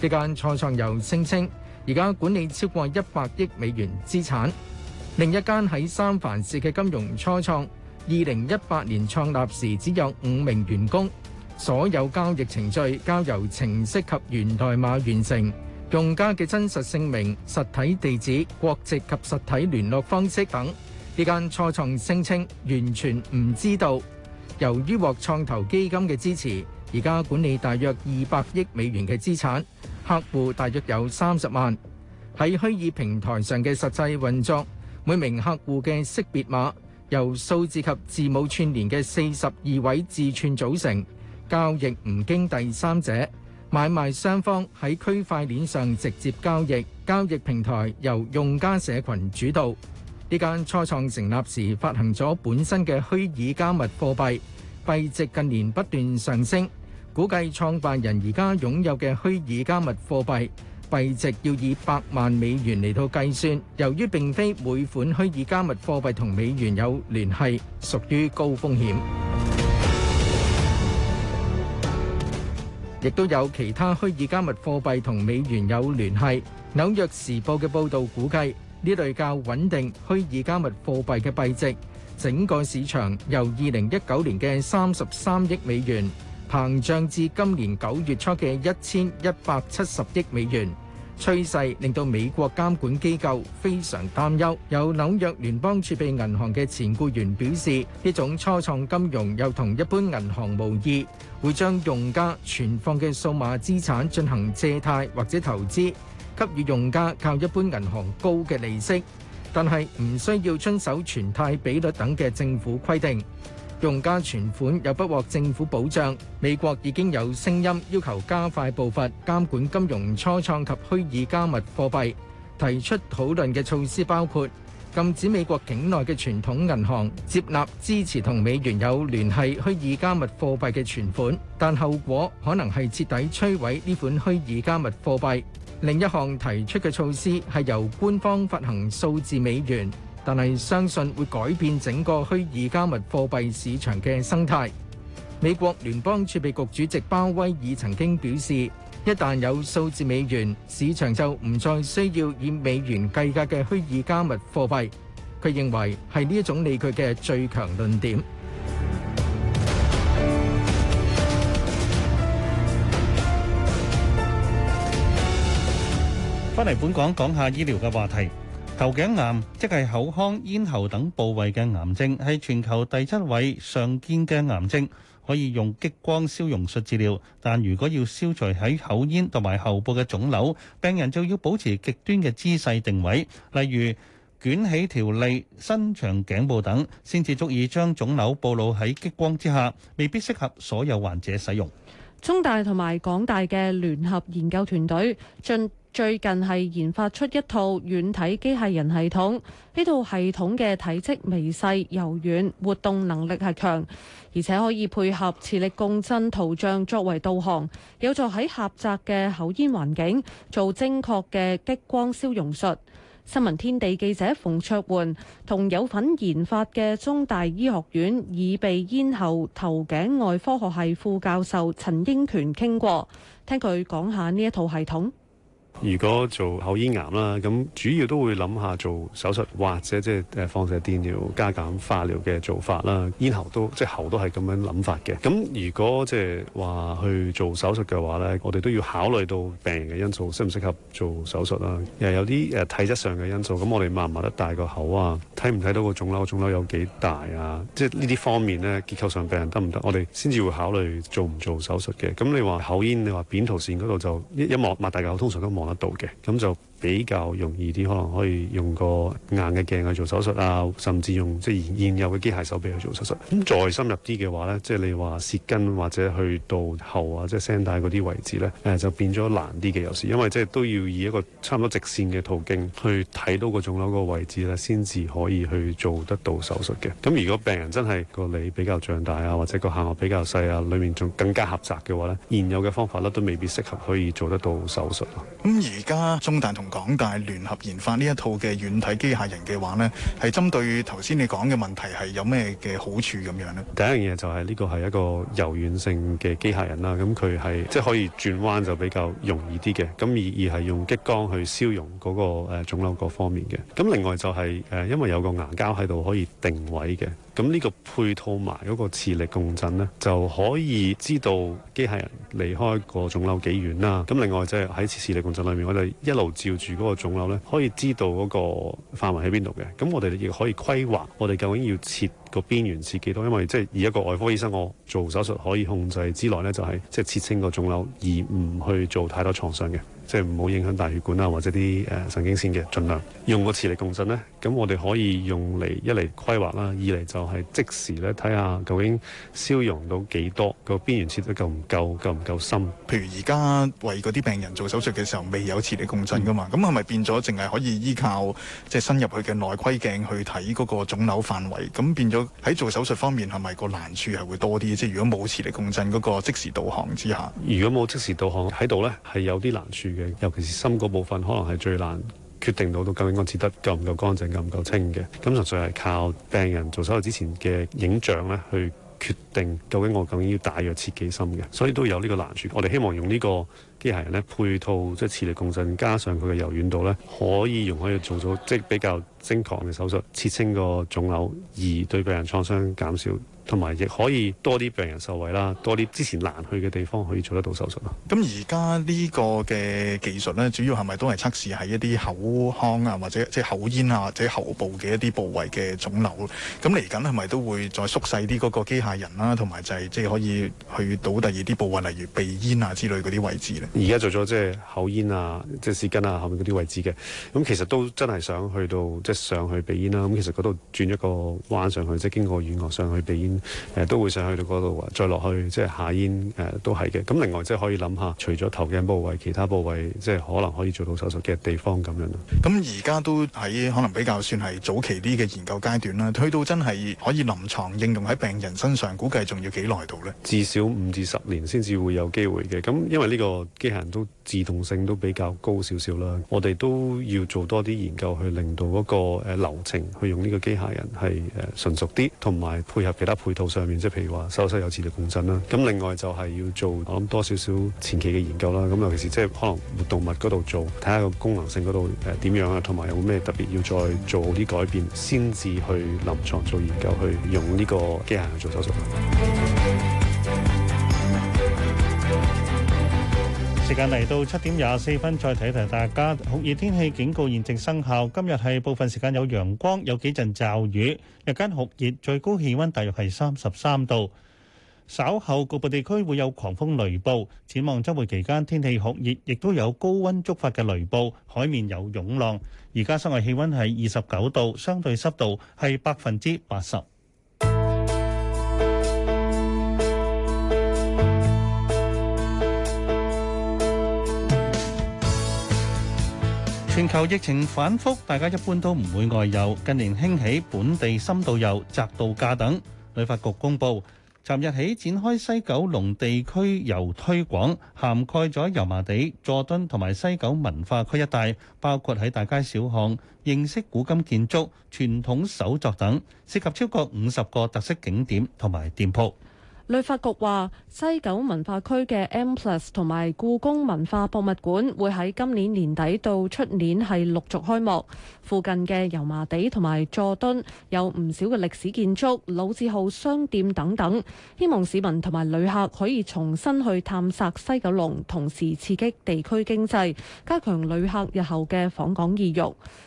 呢間初創又聲稱，而家管理超過一百億美元資產。另一間喺三藩市嘅金融初創，二零一八年創立時只有五名員工，所有交易程序交由程式及源代碼完成。用家嘅真實姓名、實體地址、國籍及實體聯絡方式等，呢間初創聲稱完全唔知道。由於獲創投基金嘅支持，而家管理大約二百億美元嘅資產，客戶大約有三十萬。喺虛擬平台上嘅實際運作，每名客戶嘅識別碼由數字及字母串聯嘅四十二位字串組成，交易唔經第三者。買賣雙方喺區塊鏈上直接交易，交易平台由用家社群主導。呢間初創成立時發行咗本身嘅虛擬加密貨幣，幣值近年不斷上升。估計創辦人而家擁有嘅虛擬加密貨幣，幣值要以百萬美元嚟到計算。由於並非每款虛擬加密貨幣同美元有聯繫，屬於高風險。亦都有其他虛擬加密貨幣同美元有聯繫。紐約時報嘅報道估計，呢類較穩定虛擬加密貨幣嘅幣值，整個市場由二零一九年嘅三十三億美元，膨脹至今年九月初嘅一千一百七十億美元。趨勢令到美國監管機構非常擔憂。有紐約聯邦儲備銀行嘅前僱員表示，呢種初創金融又同一般銀行無異。會將用家存放嘅數碼資產進行借貸或者投資，給予用家較一般銀行高嘅利息，但係唔需要遵守存貸比率等嘅政府規定。用家存款又不獲政府保障。美國已經有聲音要求加快步伐監管金融初創及虛擬加密貨幣，提出討論嘅措施包括，禁止美國境內嘅傳統銀行接納支持同美元有聯繫虛擬加密貨幣嘅存款，但後果可能係徹底摧毀呢款虛擬加密貨幣。另一項提出嘅措施係由官方發行數字美元，但係相信會改變整個虛擬加密貨幣市場嘅生態。美國聯邦儲備局主席鮑威爾曾經表示，一旦有數字美元，市場就唔再需要以美元計價嘅虛擬加密貨幣。佢認為係呢一種理據嘅最強論點。翻嚟本港講下醫療嘅話題，頭頸癌即係口腔、咽喉等部位嘅癌症，係全球第七位常見嘅癌症。可以用激光消融術治療，但如果要消除喺口咽同埋喉部嘅腫瘤，病人就要保持極端嘅姿勢定位，例如捲起條脷、伸長頸部等，先至足以將腫瘤暴露喺激光之下，未必適合所有患者使用。中大同埋港大嘅聯合研究團隊，近最近係研發出一套軟體機械人系統。呢套系統嘅體積微細、柔軟、活動能力係強，而且可以配合磁力共振圖像作為導航，有助喺狹窄嘅口咽環境做精確嘅激光消融術。新聞天地記者馮卓媛同有份研發嘅中大醫學院耳鼻咽喉頭頸外科學系副教授陳英權傾過，聽佢講下呢一套系統。如果做口咽癌啦，咁主要都會諗下做手術或者即係放射電療，加減化療嘅做法啦。咽喉都即係喉都係咁樣諗法嘅。咁如果即係話去做手術嘅話咧，我哋都要考慮到病人嘅因素，適唔適合做手術啦。又有啲誒體質上嘅因素，咁我哋抹唔抹得大個口啊？睇唔睇到個腫瘤？腫瘤有幾大啊？即係呢啲方面咧，結構上病人得唔得？我哋先至會考慮做唔做手術嘅。咁你話口咽，你話扁桃腺嗰度就一抹抹大個口，通常都冇。望得到嘅，咁就。 比較容易啲，可能可以用個硬嘅鏡去做手術啊，甚至用即係現有嘅機械手臂去做手術。咁、嗯、再深入啲嘅話呢，即係你話舌根或者去到喉啊，即係聲帶嗰啲位置呢，誒就變咗難啲嘅，有時因為即係都要以一個差唔多直線嘅途徑去睇到個腫瘤個位置咧，先至可以去做得到手術嘅。咁、嗯嗯、如果病人真係個脷比較脹大啊，或者個下顎比較細啊，裡面仲更加狹窄嘅話呢，現有嘅方法咧都未必適合可以做得到手術。咁而家中大同港大聯合研發呢一套嘅軟體機械人嘅話呢，係針對頭先你講嘅問題，係有咩嘅好處咁樣咧？第一樣嘢就係呢個係一個柔軟性嘅機械人啦，咁佢係即係可以轉彎就比較容易啲嘅，咁而而係用激光去消融嗰個誒、呃、腫瘤各方面嘅，咁另外就係、是、誒、呃、因為有個牙膠喺度可以定位嘅。咁呢個配套埋嗰個磁力共振呢，就可以知道機械人離開個腫瘤幾遠啦、啊。咁另外即係喺磁力共振裏面，我哋一路照住嗰個腫瘤呢，可以知道嗰個範圍喺邊度嘅。咁我哋亦可以規劃，我哋究竟要切個邊緣切幾多，因為即係以一個外科醫生我做手術可以控制之內呢，就係即係切清個腫瘤而唔去做太多創傷嘅。即係唔好影響大血管啦、啊，或者啲誒、呃、神經線嘅，儘量用個磁力共振咧。咁我哋可以用嚟一嚟規劃啦，二嚟就係即時咧睇下究竟消融到幾多，個邊緣切得夠唔夠，夠唔夠深。譬如而家為嗰啲病人做手術嘅時候，未有磁力共振㗎嘛，咁係咪變咗淨係可以依靠即係伸入去嘅內窺鏡去睇嗰個腫瘤範圍？咁變咗喺做手術方面係咪個難處係會多啲？即、就、係、是、如果冇磁力共振嗰個即時導航之下，如果冇即時導航喺度咧，係有啲難處嘅。尤其是深嗰部分，可能係最難決定到到究竟我切得夠唔夠乾淨、夠唔夠清嘅。咁純粹係靠病人做手術之前嘅影像咧，去決定究竟我究竟要大約切幾深嘅。所以都有呢個難處。我哋希望用呢個機械人咧，配套即係磁力共振，加上佢嘅柔軟度咧，可以容可以做咗即係比較精確嘅手術，切清個腫瘤，而對病人創傷減少。同埋亦可以多啲病人受惠啦，多啲之前難去嘅地方可以做得到手術啦。咁而家呢個嘅技術咧，主要係咪都係測試喺一啲口腔啊，或者即係、就是、口咽啊，或者喉部嘅一啲部位嘅腫瘤？咁嚟緊，係咪都會再縮細啲嗰個機械人啦、啊，同埋就係即係可以去到第二啲部位，例如鼻咽啊之類嗰啲位置咧？而家做咗即係口咽啊，即係舌根啊後面嗰啲位置嘅，咁其實都真係想去到即係、就是、上去鼻咽啦、啊。咁其實嗰度轉一個彎上去，即、就、係、是、經過軟齶上去鼻咽。誒、呃、都會上去到嗰度啊，再落去即係下煙誒、呃、都係嘅。咁另外即係可以諗下，除咗頭頸部位，其他部位即係可能可以做到手術嘅地方咁樣啦。咁而家都喺可能比較算係早期啲嘅研究階段啦。推到真係可以臨床應用喺病人身上，估計仲要幾耐度呢？至少五至十年先至會有機會嘅。咁因為呢個機械人都自動性都比較高少少啦，我哋都要做多啲研究去令到嗰個流程去用呢個機械人係誒純熟啲，同埋配合其他。配套上面，即係譬如話手術有磁力共振啦，咁另外就係要做我諗多少少前期嘅研究啦，咁尤其是即係可能活動物嗰度做，睇下個功能性嗰度誒點樣啊，同埋有冇咩特別要再做好啲改變先至去臨床做研究，去用呢個機械去做手術。時間嚟到七點廿四分，再提一提大家酷熱天氣警告現正生效。今日係部分時間有陽光，有幾陣驟雨。日間酷熱，最高氣溫大約係三十三度。稍後局部地區會有狂風雷暴。展望周末期間天氣酷熱，亦都有高温觸發嘅雷暴，海面有湧浪。而家室外氣温係二十九度，相對濕度係百分之八十。全球疫情反復，大家一般都唔會外遊。近年興起本地深度遊、宅度假等。旅發局公布，尋日起展開西九龍地區遊推廣，涵蓋咗油麻地、佐敦同埋西九文化區一帶，包括喺大街小巷認識古今建築、傳統手作等，涉及超過五十個特色景點同埋店鋪。旅發局話：西九文化區嘅 M+ 同埋故宮文化博物館會喺今年年底到出年係陸續開幕。附近嘅油麻地同埋佐敦有唔少嘅歷史建築、老字號商店等等，希望市民同埋旅客可以重新去探索西九龍，同時刺激地區經濟，加強旅客日後嘅訪港意欲。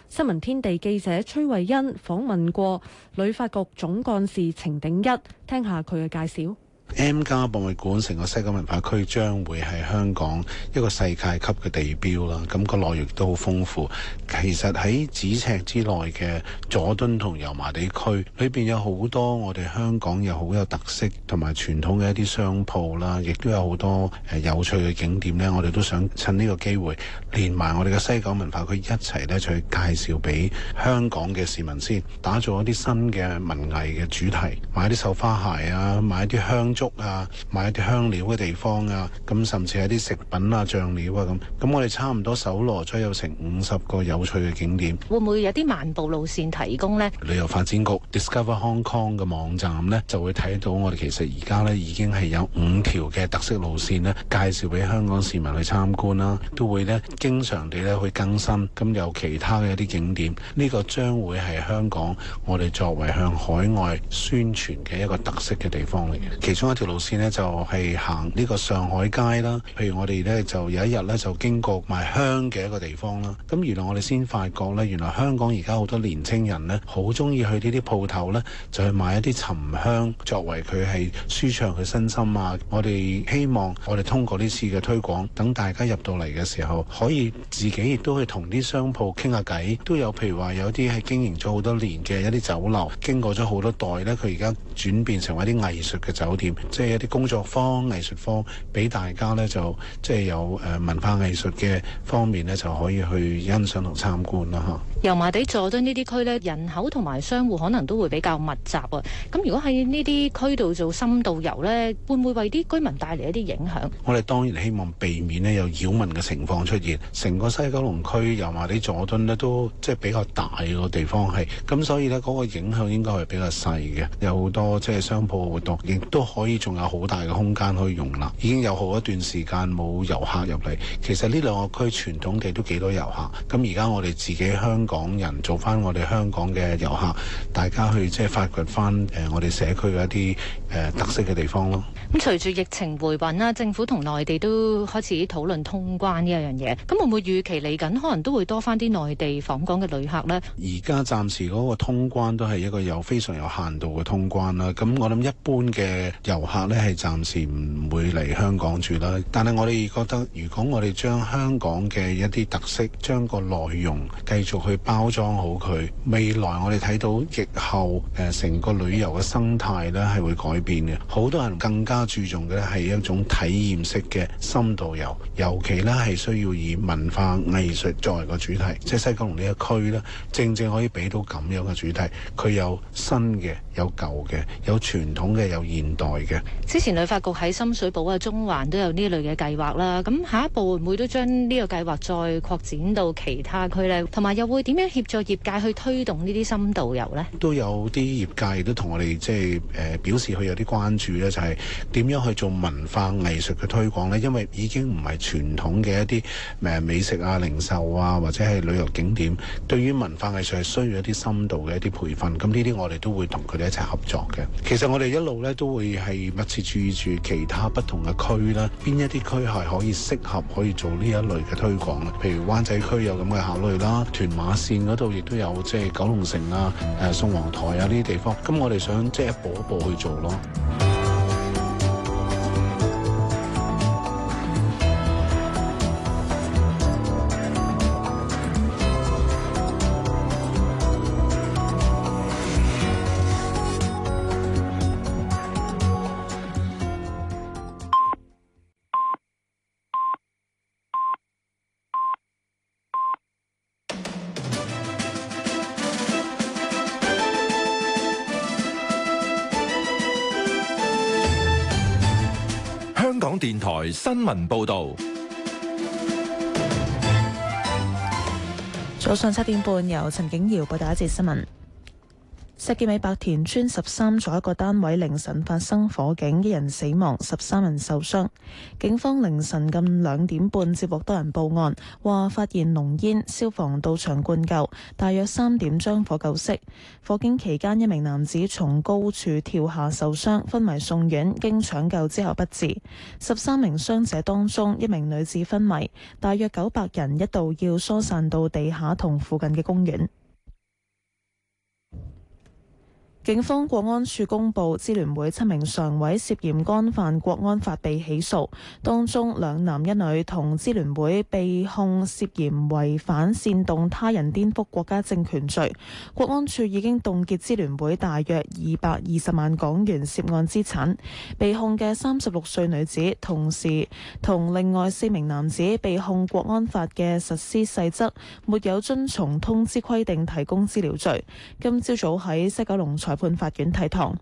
新聞天地記者崔慧欣訪問過旅發局總幹事程鼎一，聽下佢嘅介紹。M 家博物館成個西九文化區將會係香港一個世界級嘅地標啦，咁個內容亦都好豐富。其實喺咫尺之內嘅佐敦同油麻地區裏邊有好多我哋香港又好有特色同埋傳統嘅一啲商鋪啦，亦都有好多誒有趣嘅景點呢，我哋都想趁呢個機會連埋我哋嘅西九文化區一齊咧，就去介紹俾香港嘅市民先，打造一啲新嘅文藝嘅主題，買啲繡花鞋啊，買啲香。足啊，買啲香料嘅地方啊，咁甚至係啲食品啊、醬料啊咁，咁我哋差唔多搜羅咗有成五十個有趣嘅景點。會唔會有啲漫步路線提供呢？旅遊發展局 Discover Hong Kong 嘅網站呢，就會睇到我哋其實而家呢已經係有五條嘅特色路線呢，介紹俾香港市民去參觀啦。都會呢經常地咧去更新，咁有其他嘅一啲景點。呢個將會係香港我哋作為向海外宣傳嘅一個特色嘅地方嚟嘅。其中。一條路線呢，就係行呢個上海街啦。譬如我哋呢，就有一日呢，就經過賣香嘅一個地方啦。咁原來我哋先發覺呢，原來香港而家好多年青人呢，好中意去呢啲鋪頭呢，就去買一啲沉香作為佢係舒暢佢身心啊。我哋希望我哋通過呢次嘅推廣，等大家入到嚟嘅時候，可以自己亦都去同啲商鋪傾下偈。都有譬如話有啲係經營咗好多年嘅一啲酒樓，經過咗好多代呢，佢而家轉變成為一啲藝術嘅酒店。即係一啲工作坊、藝術坊，俾大家呢，就即係有誒文化藝術嘅方面呢，就可以去欣賞同參觀啦。油麻地、佐敦呢啲區呢，人口同埋商戶可能都會比較密集啊。咁如果喺呢啲區度做深度遊呢，會唔會為啲居民帶嚟一啲影響？我哋當然希望避免呢有擾民嘅情況出現。成個西九龍區、油麻地、佐敦呢，都即係比較大個地方係，咁所以呢，嗰、那個影響應該係比較細嘅。有好多即係商鋪嘅活動，亦都可。可以仲有好大嘅空間可以容納，已經有好一段時間冇遊客入嚟。其實呢兩個區傳統地都幾多遊客，咁而家我哋自己香港人做翻我哋香港嘅遊客，大家去即係發掘翻誒、呃、我哋社區嘅一啲誒、呃、特色嘅地方咯。咁隨住疫情回穩啦，政府同內地都開始討論通關呢一樣嘢，咁會唔會預期嚟緊可能都會多翻啲內地訪港嘅旅客咧？而家暫時嗰個通關都係一個有非常有限度嘅通關啦。咁我諗一般嘅遊客咧係暫時唔會嚟香港住啦，但係我哋覺得，如果我哋將香港嘅一啲特色，將個內容繼續去包裝好佢，未來我哋睇到疫後誒成個旅遊嘅生態咧係會改變嘅。好多人更加注重嘅咧係一種體驗式嘅深度遊，尤其咧係需要以文化藝術作為個主題。即係西九龍呢一區咧，正正可以俾到咁樣嘅主題。佢有新嘅，有舊嘅，有傳統嘅，有現代。之前旅發局喺深水埗啊、中環都有呢類嘅計劃啦。咁下一步會唔會都將呢個計劃再擴展到其他區呢？同埋又會點樣協助業界去推動呢啲深度遊呢？都有啲業界都同我哋即係誒表示佢有啲關注呢，就係點樣去做文化藝術嘅推廣呢？因為已經唔係傳統嘅一啲誒美食啊、零售啊，或者係旅遊景點。對於文化藝術係需要一啲深度嘅一啲培訓。咁呢啲我哋都會同佢哋一齊合作嘅。其實我哋一路呢都會係。密切注意住其他不同嘅區啦，邊一啲區係可以適合可以做呢一類嘅推廣咧？譬如灣仔區有咁嘅考慮啦，屯馬線嗰度亦都有，即係九龍城啊、誒、宋皇臺啊呢啲地方。咁我哋想即係一步一步去做咯。新聞報導。早上七點半，由陳景瑤報道一節新聞。石硤尾白田村十三座一個單位凌晨發生火警，一人死亡，十三人受傷。警方凌晨近兩點半接獲多人報案，話發現濃煙，消防到場灌救，大約三點將火救熄。火警期間，一名男子從高處跳下受傷，昏迷送院，經搶救之後不治。十三名傷者當中，一名女子昏迷。大約九百人一度要疏散到地下同附近嘅公園。警方國安處公布，支聯會七名常委涉嫌干犯國安法被起訴，當中兩男一女同支聯會被控涉嫌違反煽動他人顛覆國家政權罪。國安處已經凍結支聯會大約二百二十萬港元涉案資產。被控嘅三十六歲女子，同時同另外四名男子被控國安法嘅實施細則沒有遵從通知規定提供資料罪。今朝早喺西九龍長判法院提堂，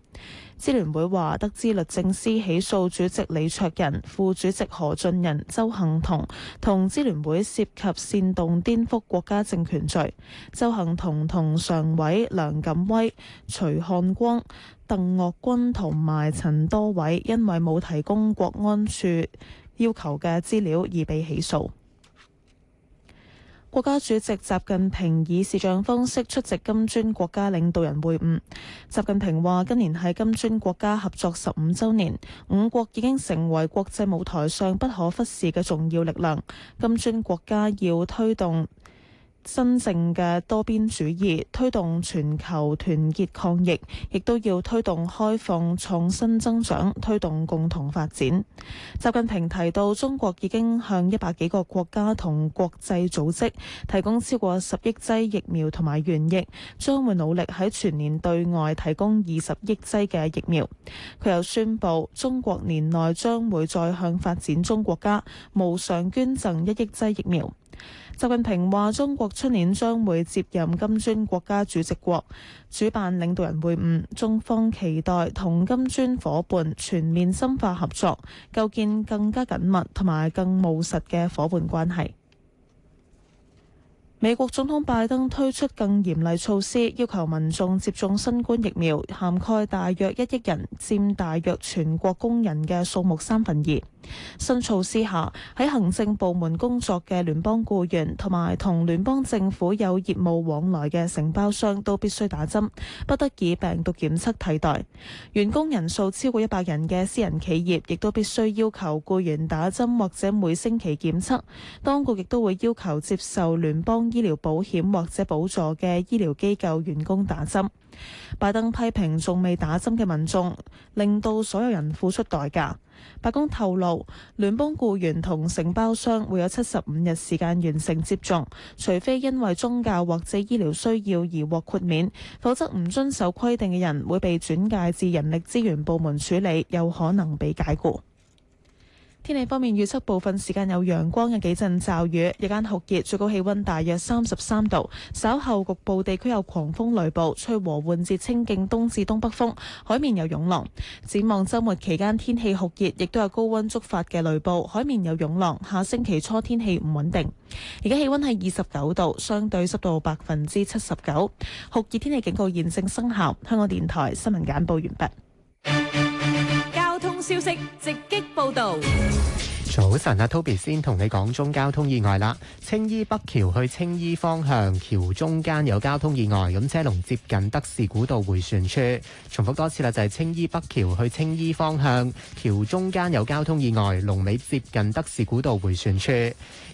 支聯會話得知律政司起訴主席李卓人、副主席何俊仁、周幸彤，同支聯會涉及煽動顛覆國家政權罪。周幸彤同常委梁錦威、徐漢光、鄧岳君同埋陳多偉，因為冇提供國安處要求嘅資料而被起訴。國家主席習近平以視像方式出席金磚國家領導人會晤。習近平話：今年係金磚國家合作十五周年，五國已經成為國際舞台上不可忽視嘅重要力量。金磚國家要推動。真正嘅多邊主義，推動全球團結抗疫，亦都要推動開放創新增長，推動共同發展。習近平提到，中國已經向一百幾個國家同國際組織提供超過十億劑疫苗同埋原液，將會努力喺全年對外提供二十億劑嘅疫苗。佢又宣布，中國年內將會再向發展中國家無償捐贈一億劑疫苗。習近平話：中國出年將會接任金磚國家主席國，主辦領導人會晤。中方期待同金磚伙伴全面深化合作，構建更加緊密同埋更務實嘅伙伴關係。美國總統拜登推出更嚴厲措施，要求民眾接種新冠疫苗，涵蓋大約一億人，佔大約全國工人嘅數目三分二。新措施下，喺行政部門工作嘅聯邦僱員同埋同聯邦政府有業務往來嘅承包商都必須打針，不得以病毒檢測替代。員工人數超過一百人嘅私人企業亦都必須要求僱員打針或者每星期檢測，當局亦都會要求接受聯邦醫療保險或者補助嘅醫療機構員工打針。拜登批評仲未打針嘅民眾，令到所有人付出代價。白宮透露，聯邦雇員同承包商會有七十五日時間完成接種，除非因為宗教或者醫療需要而獲豁免，否則唔遵守規定嘅人會被轉介至人力資源部門處理，有可能被解雇。天氣方面預測部分時間有陽光，有幾陣驟雨，日間酷熱，最高氣溫大約三十三度。稍後局部地區有狂風雷暴，吹和緩至清勁東至東北風，海面有湧浪。展望週末期間天氣酷熱，亦都有高溫觸發嘅雷暴，海面有湧浪。下星期初天氣唔穩定。而家氣溫係二十九度，相對濕度百分之七十九，酷熱天氣警告現正生效。香港電台新聞簡報完畢。消息直擊報道。早晨，阿 Toby 先同你講中交通意外啦。青衣北橋去青衣方向，橋中間有交通意外，咁車龍接近德士古道回旋處。重複多次啦，就係青衣北橋去青衣方向，橋中間有交通意外，龍尾接近德士古道回旋處。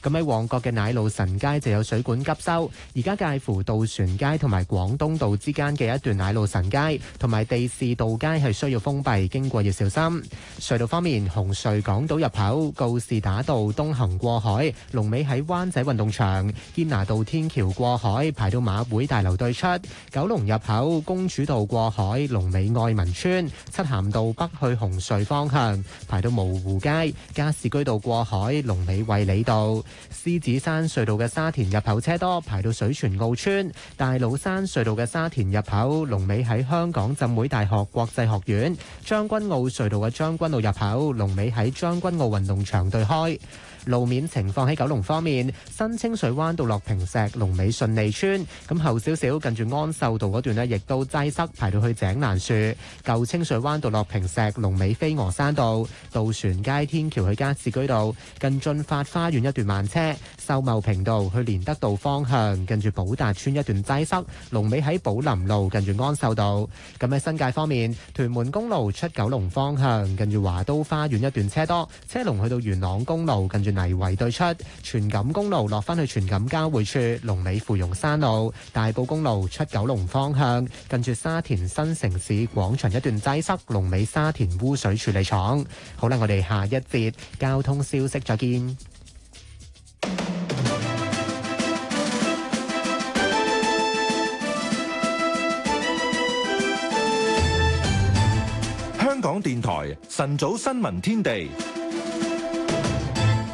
咁喺旺角嘅奶路臣街就有水管急修，而家介乎渡船街同埋廣東道之間嘅一段奶路臣街同埋地士道街係需要封閉，經過要小心。隧道方面，紅隧港島入口告士打道東行過海，龍尾喺灣仔運動場；堅拿道天橋過海，排到馬會大樓對出；九龍入口公主道過海，龍尾愛民村；漆咸道北去紅隧方向，排到蕪湖街；加士居道過海，龍尾衛理道。獅子山隧道嘅沙田入口車多，排到水泉澳村；大老山隧道嘅沙田入口，龍尾喺香港浸會大學國際學院；將軍澳隧道嘅將軍澳入口，龍尾喺將軍澳運動場對開。路面情況喺九龍方面，新清水灣到落坪石龍尾順利村，咁後少少近住安秀道嗰段呢，亦都擠塞，排到去井欄樹；舊清水灣到落坪石龍尾飛鵝山道、渡船街天橋去加士居道，近駿發花園一段慢車；秀茂坪道去連德道方向，近住寶達村一段擠塞；龍尾喺寶林路近住安秀道。咁喺新界方面，屯門公路出九龍方向，近住華都花園一段車多，車龍去到元朗公路近住。泥圍對出，荃錦公路落返去荃錦交匯處，龍尾芙蓉山路、大埔公路出九龍方向，近住沙田新城市廣場一段擠塞，龍尾沙田污水處理廠。好啦，我哋下一節交通消息再見。香港電台晨早新聞天地。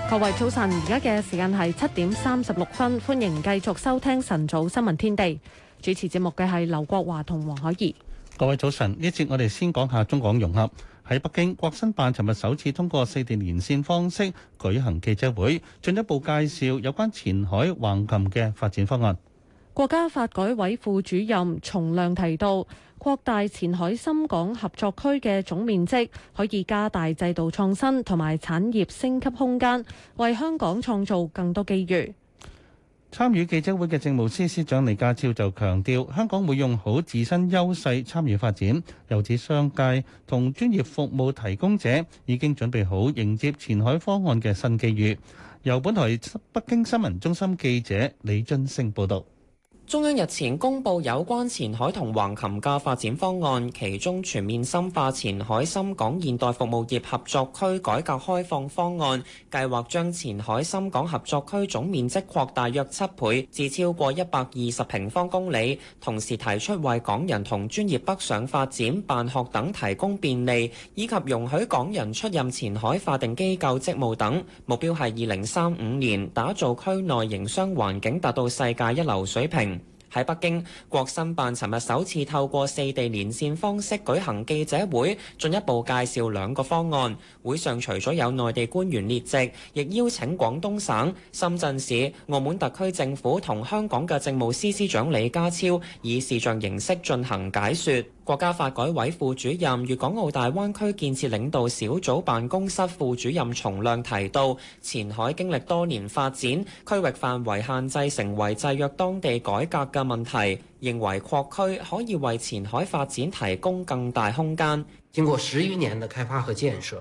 各位早晨，而家嘅時間係七點三十六分，歡迎繼續收聽晨早新聞天地。主持節目嘅係劉國華同黃海怡。各位早晨，呢節，我哋先講下中港融合。喺北京，國新辦尋日首次通過四地連線方式舉行記者會，進一步介紹有關前海橫琴嘅發展方案。國家發改委副主任叢亮提到，擴大前海深港合作區嘅總面積可以加大制度創新同埋產業升級空間，為香港創造更多機遇。參與記者會嘅政務司司長李家超就強調，香港會用好自身優勢參與發展，又指商界同專業服務提供者已經準備好迎接前海方案嘅新機遇。由本台北京新聞中心記者李津升報道。中央日前公布有關前海同橫琴嘅發展方案，其中全面深化前海深港現代服務業合作區改革開放方案，計劃將前海深港合作區總面積擴大約七倍，至超過一百二十平方公里，同時提出為港人同專業北上發展、辦學等提供便利，以及容許港人出任前海法定機構職務等，目標係二零三五年打造區內營商環境達到世界一流水平。喺北京，國新辦尋日首次透過四地連線方式舉行記者會，進一步介紹兩個方案。會上除咗有內地官員列席，亦邀請廣東省、深圳市、澳門特區政府同香港嘅政務司司長李家超以視像形式進行解說。國家發改委副主任、粵港澳大灣區建設領導小組辦公室副主任叢亮提到，前海經歷多年發展，區域範圍限制成為制約當地改革嘅問題，認為擴區可以為前海發展提供更大空間。經過十餘年的開發和建設，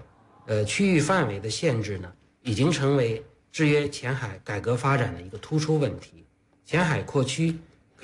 呃，區域範圍嘅限制呢，已經成為制約前海改革發展的一個突出問題。前海擴區。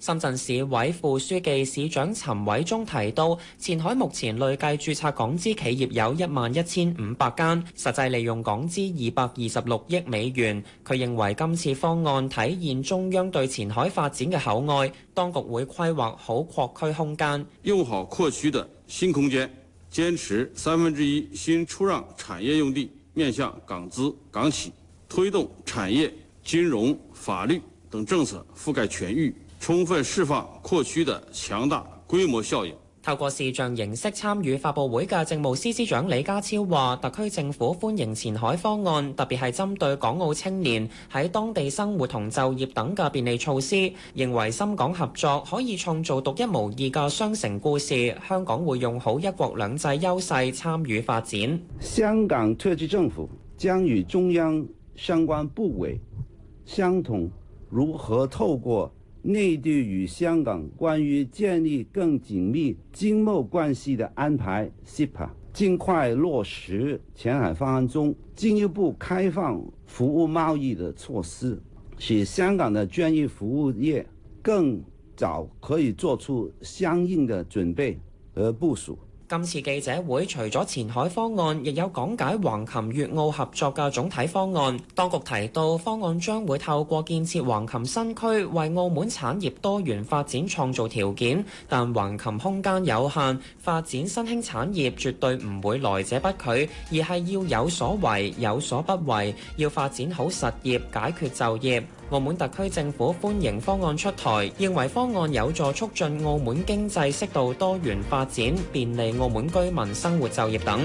深圳市委副書記、市長覃偉中提到，前海目前累計注冊港資企業有一萬一千五百間，實際利用港資二百二十六億美元。佢認為今次方案體現中央對前海發展嘅厚愛，當局會規劃好擴區空間，用好擴區的新空間，堅持三分之一新出讓產業用地面向港資港企，推動產業、金融、法律等政策覆蓋全域。充分釋放擴區的強大規模效應。透過視像形式參與發佈會嘅政務司司長李家超話，特區政府歡迎前海方案，特別係針對港澳青年喺當地生活同就業等嘅便利措施。認為深港合作可以創造獨一無二嘅雙城故事。香港會用好一國兩制優勢參與發展。香港特區政府將與中央相關部委相同，如何透過。內地與香港關於建立更緊密經貿關係的安排 CEPA 盡快落實前海方案中進一步開放服務貿易的措施，使香港的專業服務業更早可以做出相應的準備和部署。今次記者會除咗前海方案，亦有講解橫琴粵澳合作嘅總體方案。當局提到方案將會透過建設橫琴新區，為澳門產業多元發展創造條件。但橫琴空間有限，發展新興產業絕對唔會來者不拒，而係要有所為有所不為，要發展好實業，解決就業。澳門特區政府歡迎方案出台，認為方案有助促進澳門經濟適度多元發展，便利澳門居民生活就業等。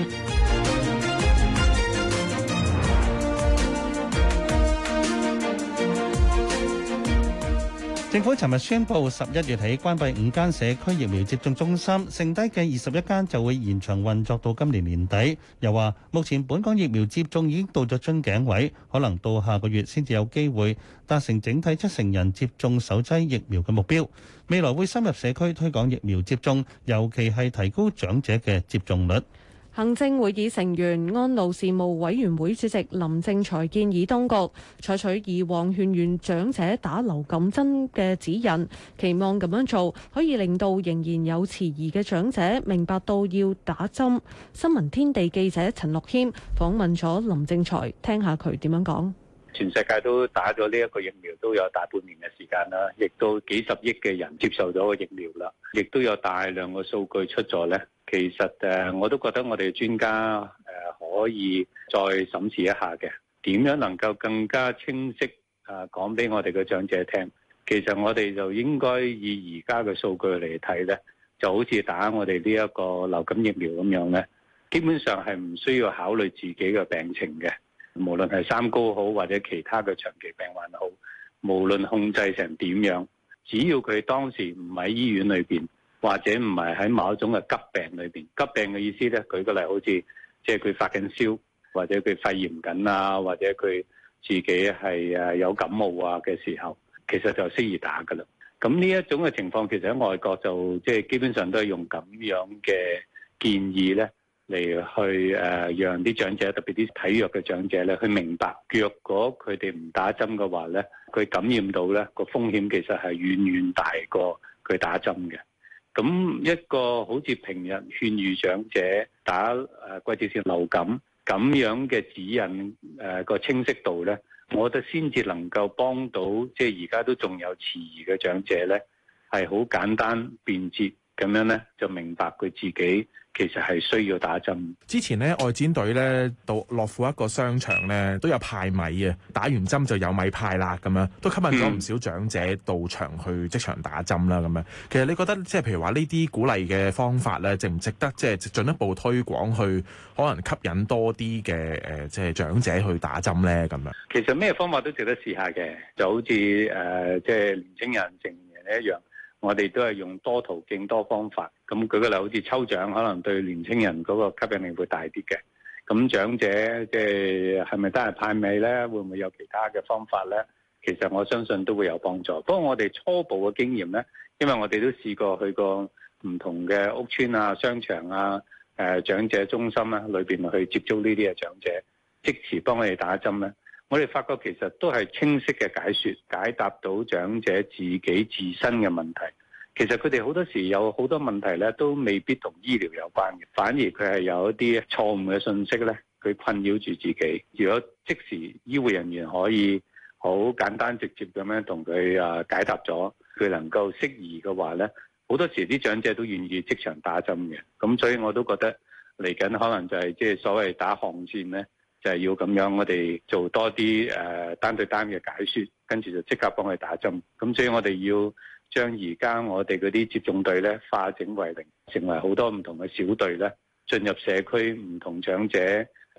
政府尋日宣布，十一月起關閉五間社區疫苗接種中心，剩低嘅二十一間就會延長運作到今年年底。又話目前本港疫苗接種已經到咗樽頸位，可能到下個月先至有機會達成整體七成人接種首劑疫苗嘅目標。未來會深入社區推廣疫苗接種，尤其係提高長者嘅接種率。行政會議成員安老事務委員會主席林正財建議當局採取以往勸喻長者打流感針嘅指引，期望咁樣做可以令到仍然有遲疑嘅長者明白到要打針。新聞天地記者陳樂謙訪問咗林正財，聽下佢點樣講。全世界都打咗呢一個疫苗都有大半年嘅時間啦，亦都幾十億嘅人接受咗個疫苗啦，亦都有大量嘅數據出咗呢。其實誒，我都覺得我哋專家誒可以再審視一下嘅，點樣能夠更加清晰誒講俾我哋嘅長者聽？其實我哋就應該以而家嘅數據嚟睇呢，就好似打我哋呢一個流感疫苗咁樣呢，基本上係唔需要考慮自己嘅病情嘅。無論係三高好，或者其他嘅長期病患好，無論控制成點樣，只要佢當時唔喺醫院裏邊，或者唔係喺某一種嘅急病裏邊。急病嘅意思咧，舉個例，好似即係佢發緊燒，或者佢肺炎緊啊，或者佢自己係誒有感冒啊嘅時候，其實就適宜打㗎喇。咁呢一種嘅情況，其實喺外國就即係基本上都係用咁樣嘅建議咧。嚟去誒，讓啲長者特別啲體弱嘅長者咧，佢明白，若果佢哋唔打針嘅話咧，佢感染到咧個風險其實係遠遠大過佢打針嘅。咁一個好似平日勸喻長者打誒季節性流感咁樣嘅指引誒個、啊、清晰度咧，我覺得先至能夠幫到，即係而家都仲有遲疑嘅長者咧，係好簡單便捷咁樣咧，就明白佢自己。其實係需要打針。之前咧，外展隊咧到落庫一個商場咧，都有派米啊，打完針就有米派啦，咁樣都吸引咗唔少長者到場去即場打針啦，咁樣。其實你覺得即係譬如話呢啲鼓勵嘅方法咧，值唔值得即係進一步推廣去，可能吸引多啲嘅誒，即係長者去打針咧？咁樣。其實咩方法都值得試下嘅，就好似誒，即係年青人、成年人一樣。我哋都係用多途徑多方法，咁舉個例，好似抽獎，可能對年青人嗰個吸引力會大啲嘅。咁長者即係係咪都係派米咧？會唔會有其他嘅方法咧？其實我相信都會有幫助。不過我哋初步嘅經驗咧，因為我哋都試過去過唔同嘅屋邨啊、商場啊、誒、呃、長者中心啊裏邊去接觸呢啲嘅長者，即時幫佢哋打針咧。我哋發覺其實都係清晰嘅解説，解答到長者自己自身嘅問題。其實佢哋好多時有好多問題咧，都未必同醫療有關嘅，反而佢係有一啲錯誤嘅信息咧，佢困擾住自己。如果即時醫護人員可以好簡單直接咁樣同佢啊解答咗，佢能夠適宜嘅話咧，好多時啲長者都願意即場打針嘅。咁所以我都覺得嚟緊可能就係即係所謂打巷戰咧。就係要咁樣，我哋做多啲誒單對單嘅解說，跟住就即刻幫佢打針，咁所以我哋要將而家我哋嗰啲接種隊咧化整為零，成為好多唔同嘅小隊咧，進入社區唔同長者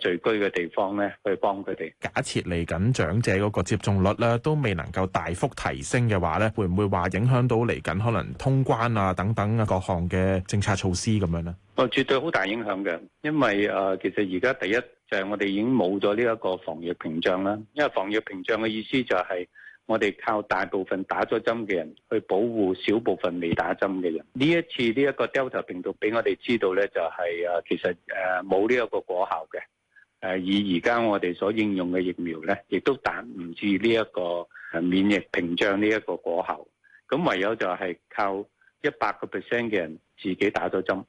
聚居嘅地方咧，去幫佢哋。假設嚟緊長者嗰個接種率咧都未能夠大幅提升嘅話咧，會唔會話影響到嚟緊可能通關啊等等啊各項嘅政策措施咁樣咧？哦，絕對好大影響嘅，因為誒其實而家第一。就係我哋已經冇咗呢一個防疫屏障啦，因為防疫屏障嘅意思就係我哋靠大部分打咗針嘅人去保護少部分未打針嘅人。呢一次呢一個 Delta 病毒俾我哋知道咧，就係啊，其實誒冇呢一個果效嘅。誒以而家我哋所應用嘅疫苗咧，亦都打唔住呢一個免疫屏障呢一個果效。咁唯有就係靠一百個 percent 嘅人自己打咗針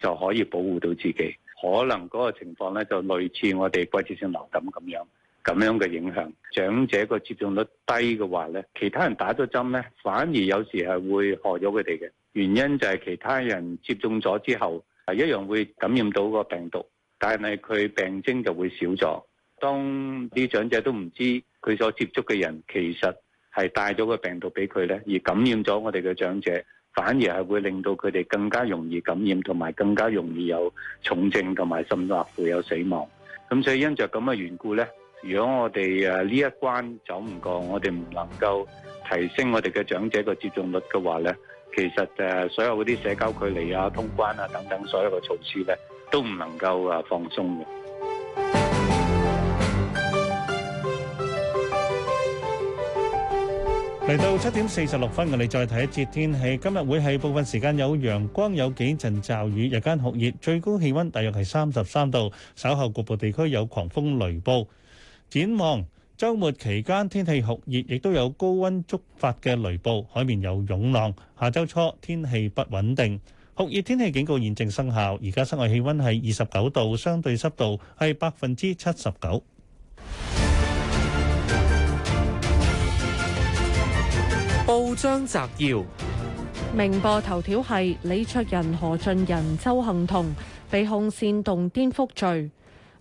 就可以保護到自己。可能嗰個情況咧，就類似我哋季節性流感咁樣咁樣嘅影響。長者個接種率低嘅話咧，其他人打咗針咧，反而有時係會害咗佢哋嘅，原因就係其他人接種咗之後，係一樣會感染到個病毒，但係佢病徵就會少咗。當啲長者都唔知佢所接觸嘅人其實係帶咗個病毒俾佢咧，而感染咗我哋嘅長者。反而係會令到佢哋更加容易感染，同埋更加容易有重症，同埋甚至乎有死亡。咁所以因著咁嘅緣故呢，如果我哋誒呢一關走唔過，我哋唔能夠提升我哋嘅長者嘅接種率嘅話呢，其實誒所有嗰啲社交距離啊、通關啊等等所有嘅措施呢，都唔能夠啊放鬆嘅。嚟到七點四十六分，我哋再睇一節天氣。今日會係部分時間有陽光，有幾陣驟雨。日間酷熱，最高氣溫大約係三十三度。稍後局部地區有狂風雷暴。展望周末期間天氣酷熱，亦都有高溫觸發嘅雷暴，海面有湧浪。下周初天氣不穩定，酷熱天氣警告現正生效。而家室外氣溫係二十九度，相對濕度係百分之七十九。報章摘要：明報頭條係李卓人、何俊仁、鄒幸彤被控煽動顛覆罪。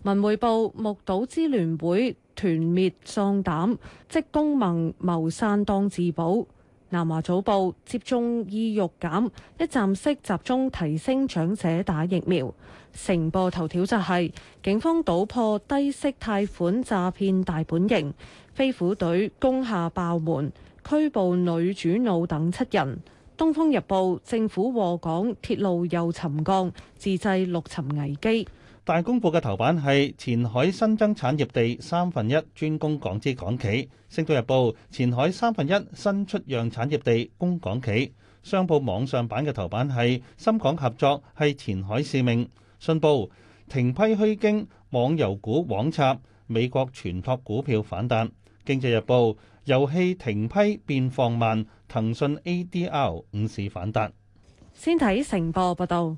文匯報：目睹支聯會團滅喪膽，職工盟謀散當自保。南華早報：接種意欲減，一站式集中提升長者打疫苗。成報頭條就係、是、警方搗破低息貸款詐騙大本營，飛虎隊攻下爆門。拘捕女主腦等七人。《東方日報》政府獲港鐵路又沉降，自製陸沉危機。《大公報》嘅頭版係前海新增產業地三分一專供港資港企，《星島日報》前海三分一新出讓產業地供港企。商報網上版嘅頭版係深港合作係前海使命。信報停批虛經網遊股網插，美國全托股票反彈經濟日報遊戲停批變放慢，騰訊 ADR 五時反彈。先睇成報報道，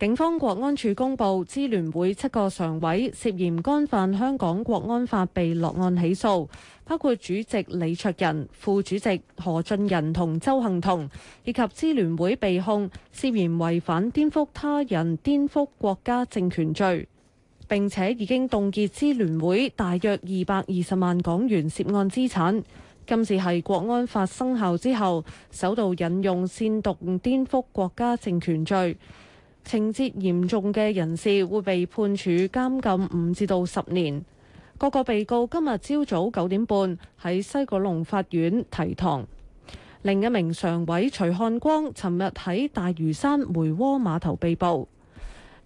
警方國安處公佈，支聯會七個常委涉嫌干犯香港國安法被落案起訴，包括主席李卓人、副主席何俊仁同鄒幸彤，以及支聯會被控涉嫌違反顛覆他人、顛覆國家政權罪。並且已經凍結支聯會大約二百二十萬港元涉案資產。今次係國安法生效之後，首度引用煽動顛覆國家政權罪，情節嚴重嘅人士會被判處監禁五至到十年。各個被告今日朝早九點半喺西九龍法院提堂。另一名常委徐漢光尋日喺大嶼山梅窩碼頭被捕。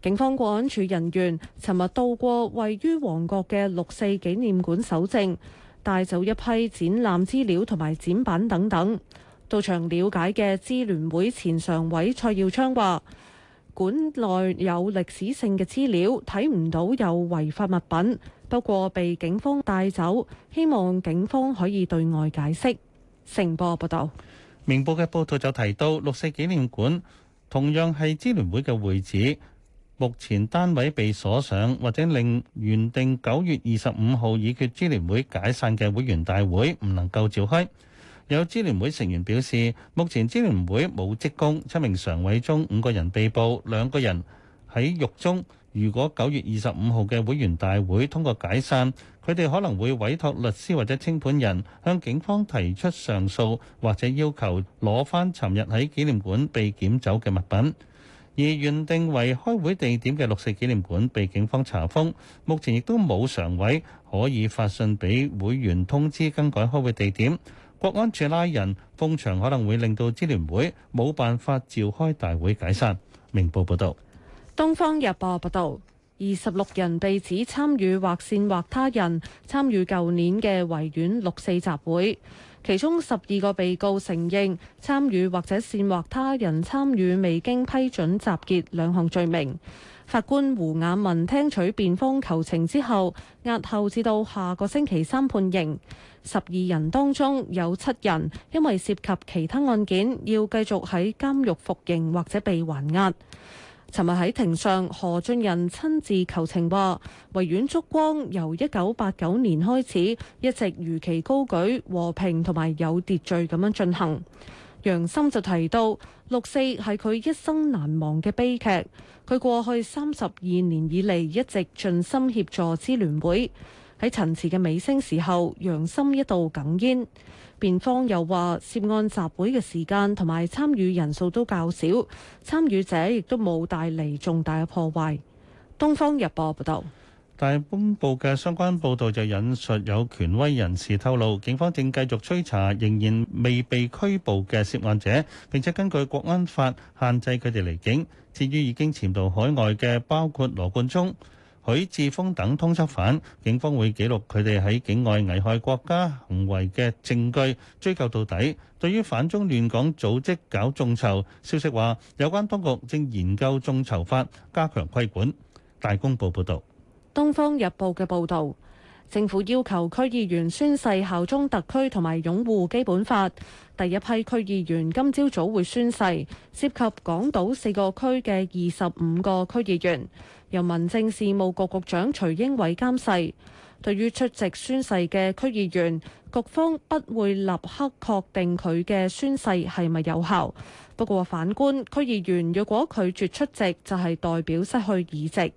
警方國安處人員尋日到過位於旺角嘅六四紀念館搜證，帶走一批展覽資料同埋展品等等。到場了解嘅支聯會前常委蔡耀昌話，館內有歷史性嘅資料，睇唔到有違法物品，不過被警方帶走，希望警方可以對外解釋。成播報道。明報嘅報道就提到，六四紀念館同樣係支聯會嘅會址。目前單位被鎖上，或者令原定九月二十五號已決支聯會解散嘅會員大會唔能夠召開。有支聯會成員表示，目前支聯會冇職工，七名常委中五個人被捕，兩個人喺獄中。如果九月二十五號嘅會員大會通過解散，佢哋可能會委託律師或者清盤人向警方提出上訴，或者要求攞翻尋日喺紀念館被檢走嘅物品。而原定為開會地點嘅六四紀念館被警方查封，目前亦都冇常委可以發信俾會員通知更改開會地點。國安處拉人封場，可能會令到支聯會冇辦法召開大會解散。明報報道：東方日報報道，二十六人被指參與或煽惑他人參與舊年嘅維園六四集會。其中十二個被告承認參與或者煽惑他人參與，未經批准集結兩項罪名。法官胡雅文聽取辯方求情之後，押後至到下個星期三判刑。十二人當中有七人，因為涉及其他案件，要繼續喺監獄服刑或者被還押。尋日喺庭上，何俊仁親自求情話：「維園燭光由一九八九年開始，一直如期高舉，和平同埋有秩序咁樣進行」。楊森就提到，六四係佢一生難忘嘅悲劇。佢過去三十二年以嚟一直盡心協助支聯會。喺陳詞嘅尾聲時候，楊森一度哽咽。辯方又話，涉案集會嘅時間同埋參與人數都較少，參與者亦都冇帶嚟重大嘅破壞。東方日報報道，但係本報嘅相關報道就引述有權威人士透露，警方正繼續追查仍然未被拘捕嘅涉案者，並且根據國安法限制佢哋離境。至於已經潛逃海外嘅，包括羅冠聰。許智峰等通緝犯，警方會記錄佢哋喺境外危害國家行為嘅證據，追究到底。對於反中亂港組織搞眾籌，消息話有關當局正研究眾籌法，加強規管。大公報報道，《東方日報》嘅報導，政府要求區議員宣誓效忠特區同埋擁護基本法。第一批區議員今朝早會宣誓，涉及港島四個區嘅二十五個區議員。由民政事務局局長徐英偉監誓，對於出席宣誓嘅區議員，局方不會立刻確定佢嘅宣誓係咪有效。不過反觀區議員如果拒絕出席，就係代表失去議席。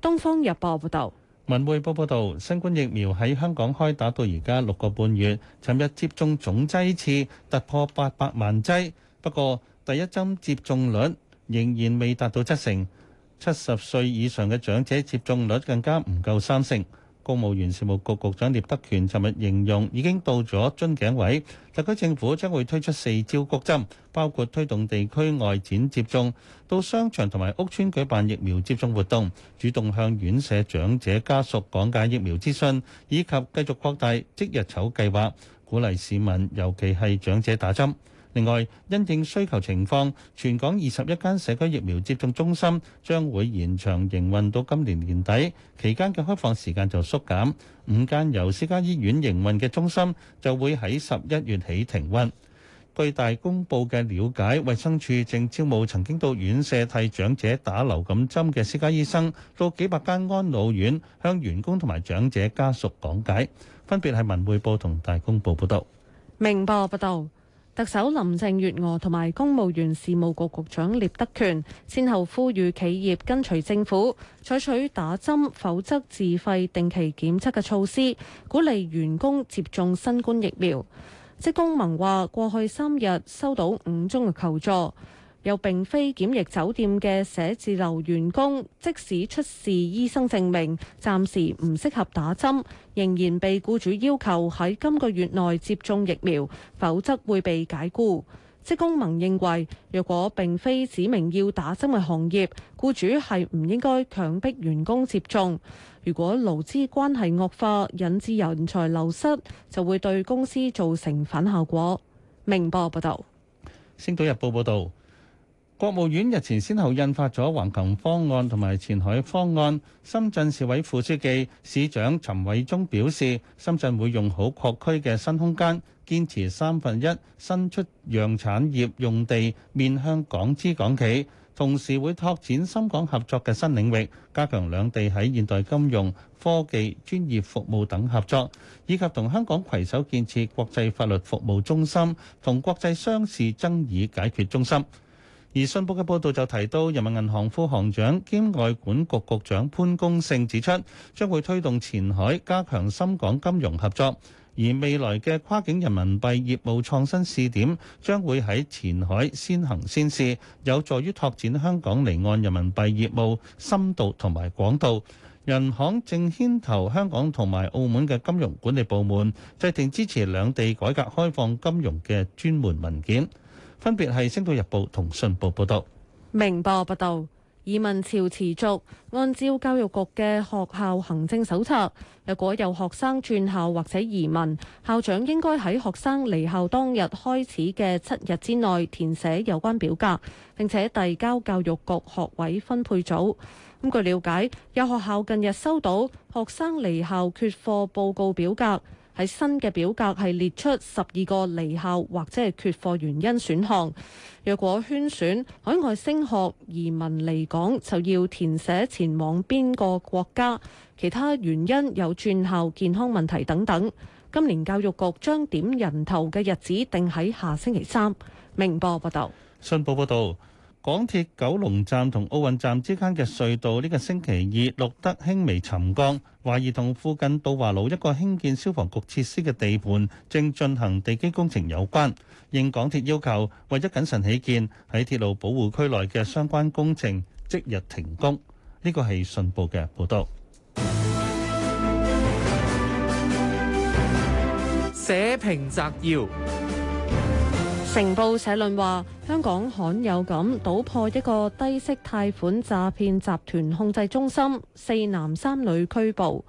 東方日報報道，文匯報報道，新冠疫苗喺香港開打到而家六個半月，尋日接種總劑次突破八百萬劑，不過第一針接種率仍然未達到七成。七十歲以上嘅長者接種率更加唔夠三成，公務員事務局局局長聶德權尋日形容已經到咗樽頸位。特區政府將會推出四招谷針，包括推動地區外展接種，到商場同埋屋邨舉辦疫苗接種活動，主動向院舍長者家屬講解疫苗資訊，以及繼續擴大即日籌計劃，鼓勵市民尤其係長者打針。另外，因應需求情況，全港二十一間社區疫苗接種中心將會延長營運到今年年底，期間嘅開放時間就縮減。五間由私家醫院營運嘅中心就會喺十一月起停運。據大公報嘅瞭解，衛生署正招募曾經到院舍替長者打流感針嘅私家醫生，到幾百間安老院向員工同埋長者家屬講解。分別係文匯報同大公報報導。明報報導。特首林鄭月娥同埋公務員事務局局,局長聶德權先後呼籲企業跟隨政府採取打針、否則自費定期檢測嘅措施，鼓勵員工接種新冠疫苗。職工盟話：過去三日收到五宗嘅求助。又並非檢疫酒店嘅寫字樓員工，即使出示醫生證明，暫時唔適合打針，仍然被僱主要求喺今個月內接種疫苗，否則會被解僱。職工盟認為，若果並非指明要打針嘅行業，僱主係唔應該強迫員工接種。如果勞資關係惡化，引致人才流失，就會對公司造成反效果。明報報道，《星島日報》報道。國務院日前先後印發咗橫琴方案同埋前海方案，深圳市委副書記、市長陳偉忠表示，深圳會用好擴區的新空間，堅持三分一，新出讓產業用地，面向港資港企，同時會拓展深港合作的新領域，加強兩地喺現代金融、科技、專業服務等合作，以及同香港攜手建設國際法律服務中心、同國際商事爭議解決中心。而信報嘅報導就提到，人民銀行副行長兼外管局局長潘功勝指出，將會推動前海加強深港金融合作，而未來嘅跨境人民幣業務創新試點將會喺前海先行先試，有助於拓展香港離岸人民幣業務深度同埋廣度。人行正牽頭香港同埋澳門嘅金融管理部門制定支持兩地改革開放金融嘅專門文件。分別係《星島日報》同《信報》報道。明報報道，移民潮持續。按照教育局嘅學校行政手冊，如果有學生轉校或者移民，校長應該喺學生離校當日開始嘅七日之內填寫有關表格，並且遞交教育局學位分配組。咁據了解，有學校近日收到學生離校缺課報告表格。喺新嘅表格係列出十二個離校或者係缺課原因選項，若果圈選海外升學移民離港，就要填寫前往邊個國家，其他原因有轉校、健康問題等等。今年教育局將點人頭嘅日子定喺下星期三。明報報道。信報報導。港鐵九龍站同奧運站之間嘅隧道，呢個星期二錄得輕微沉降，懷疑同附近杜華路一個興建消防局設施嘅地盤正進行地基工程有關。應港鐵要求，為咗謹慎起見，喺鐵路保護區內嘅相關工程即日停工。呢個係信報嘅報道。社評摘要。成報社論話：香港罕有咁搗破一個低息貸款詐騙集團控制中心，四男三女拘捕。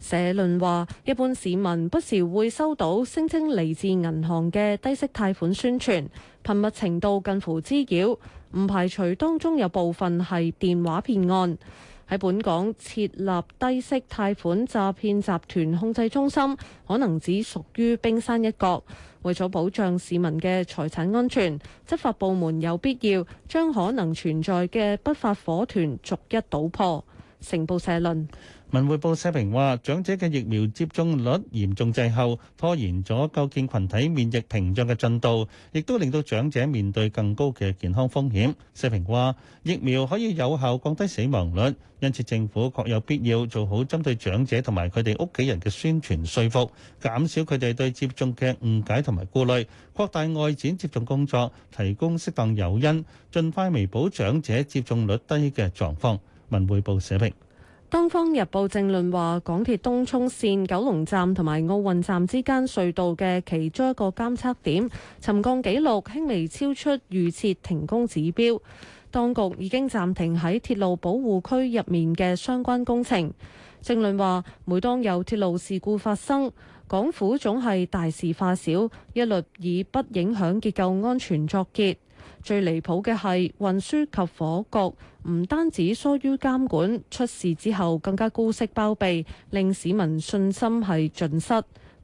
社論話，一般市民不時會收到聲稱嚟自銀行嘅低息貸款宣傳，頻密程度近乎滋擾，唔排除當中有部分係電話騙案。喺本港設立低息貸款詐騙集團控制中心，可能只屬於冰山一角。為咗保障市民嘅財產安全，執法部門有必要將可能存在嘅不法伙團逐一搗破，成報社論。文匯報社評話：長者嘅疫苗接種率嚴重滯後，拖延咗構建羣體免疫屏障嘅進度，亦都令到長者面對更高嘅健康風險。社評話：疫苗可以有效降低死亡率，因此政府確有必要做好針對長者同埋佢哋屋企人嘅宣傳說服，減少佢哋對接種嘅誤解同埋顧慮，擴大外展接種工作，提供適當誘因，盡快彌補長者接種率低嘅狀況。文匯報社評。《東方日報》政論話，港鐵東涌線九龍站同埋奧運站之間隧道嘅其中一個監測點沉降紀錄輕微超出預設停工指標，當局已經暫停喺鐵路保護區入面嘅相關工程。政論話，每當有鐵路事故發生，港府總係大事化小，一律以不影響結構安全作結。最離譜嘅係運輸及火局，唔單止疏於監管，出事之後更加姑息包庇，令市民信心係盡失。《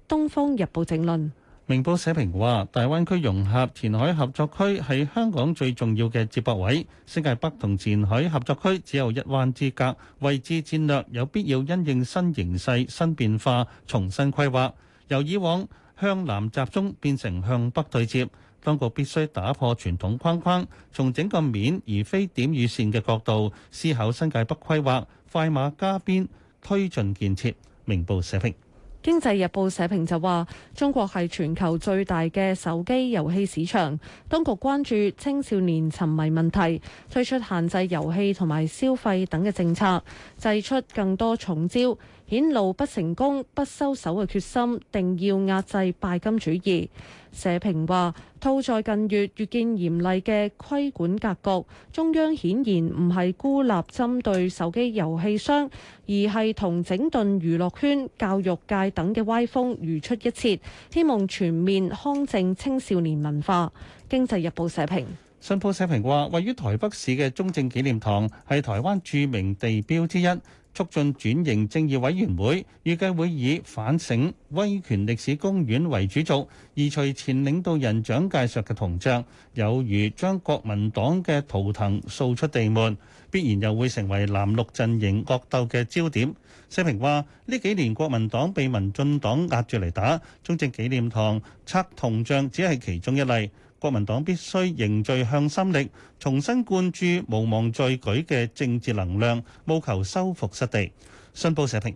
東方日報》正論。《明報》社評話：大灣區融合前海合作區係香港最重要嘅接駁位，新界北同前海合作區只有一灣之隔，位置戰略有必要因應新形勢、新變化重新規劃，由以往向南集中變成向北對接。當局必須打破傳統框框，從整個面而非點與線嘅角度思考新界北規劃，快馬加鞭推進建設。明報社評，《經濟日報》社評就話：中國係全球最大嘅手機遊戲市場，當局關注青少年沉迷問題，推出限制遊戲同埋消費等嘅政策，祭出更多重招，顯露不成功不收手嘅決心，定要壓制拜金主義。社評話：就在近月，越見嚴厲嘅規管格局，中央顯然唔係孤立針對手機遊戲商，而係同整頓娛樂圈、教育界等嘅歪風如出一轍，希望全面匡正青少年文化。經濟日報社評，信報社評話，位於台北市嘅中正紀念堂係台灣著名地標之一。促進轉型正義委員會預計會以反省威權歷史公園為主軸，移除前領導人蔣介石嘅銅像，有如將國民黨嘅圖騰掃出地門，必然又會成為藍綠陣營惡鬥嘅焦點。謝平話：呢幾年國民黨被民進黨壓住嚟打，中正紀念堂拆銅像只係其中一例。國民黨必須凝聚向心力，重新灌注毋忘在莒嘅政治能量，務求收復失地。信報社評：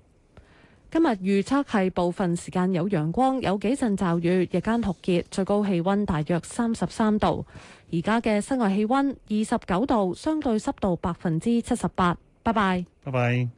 今日預測係部分時間有陽光，有幾陣驟雨，日間酷熱，最高氣溫大約三十三度。而家嘅室外氣溫二十九度，相對濕度百分之七十八。拜拜。拜拜。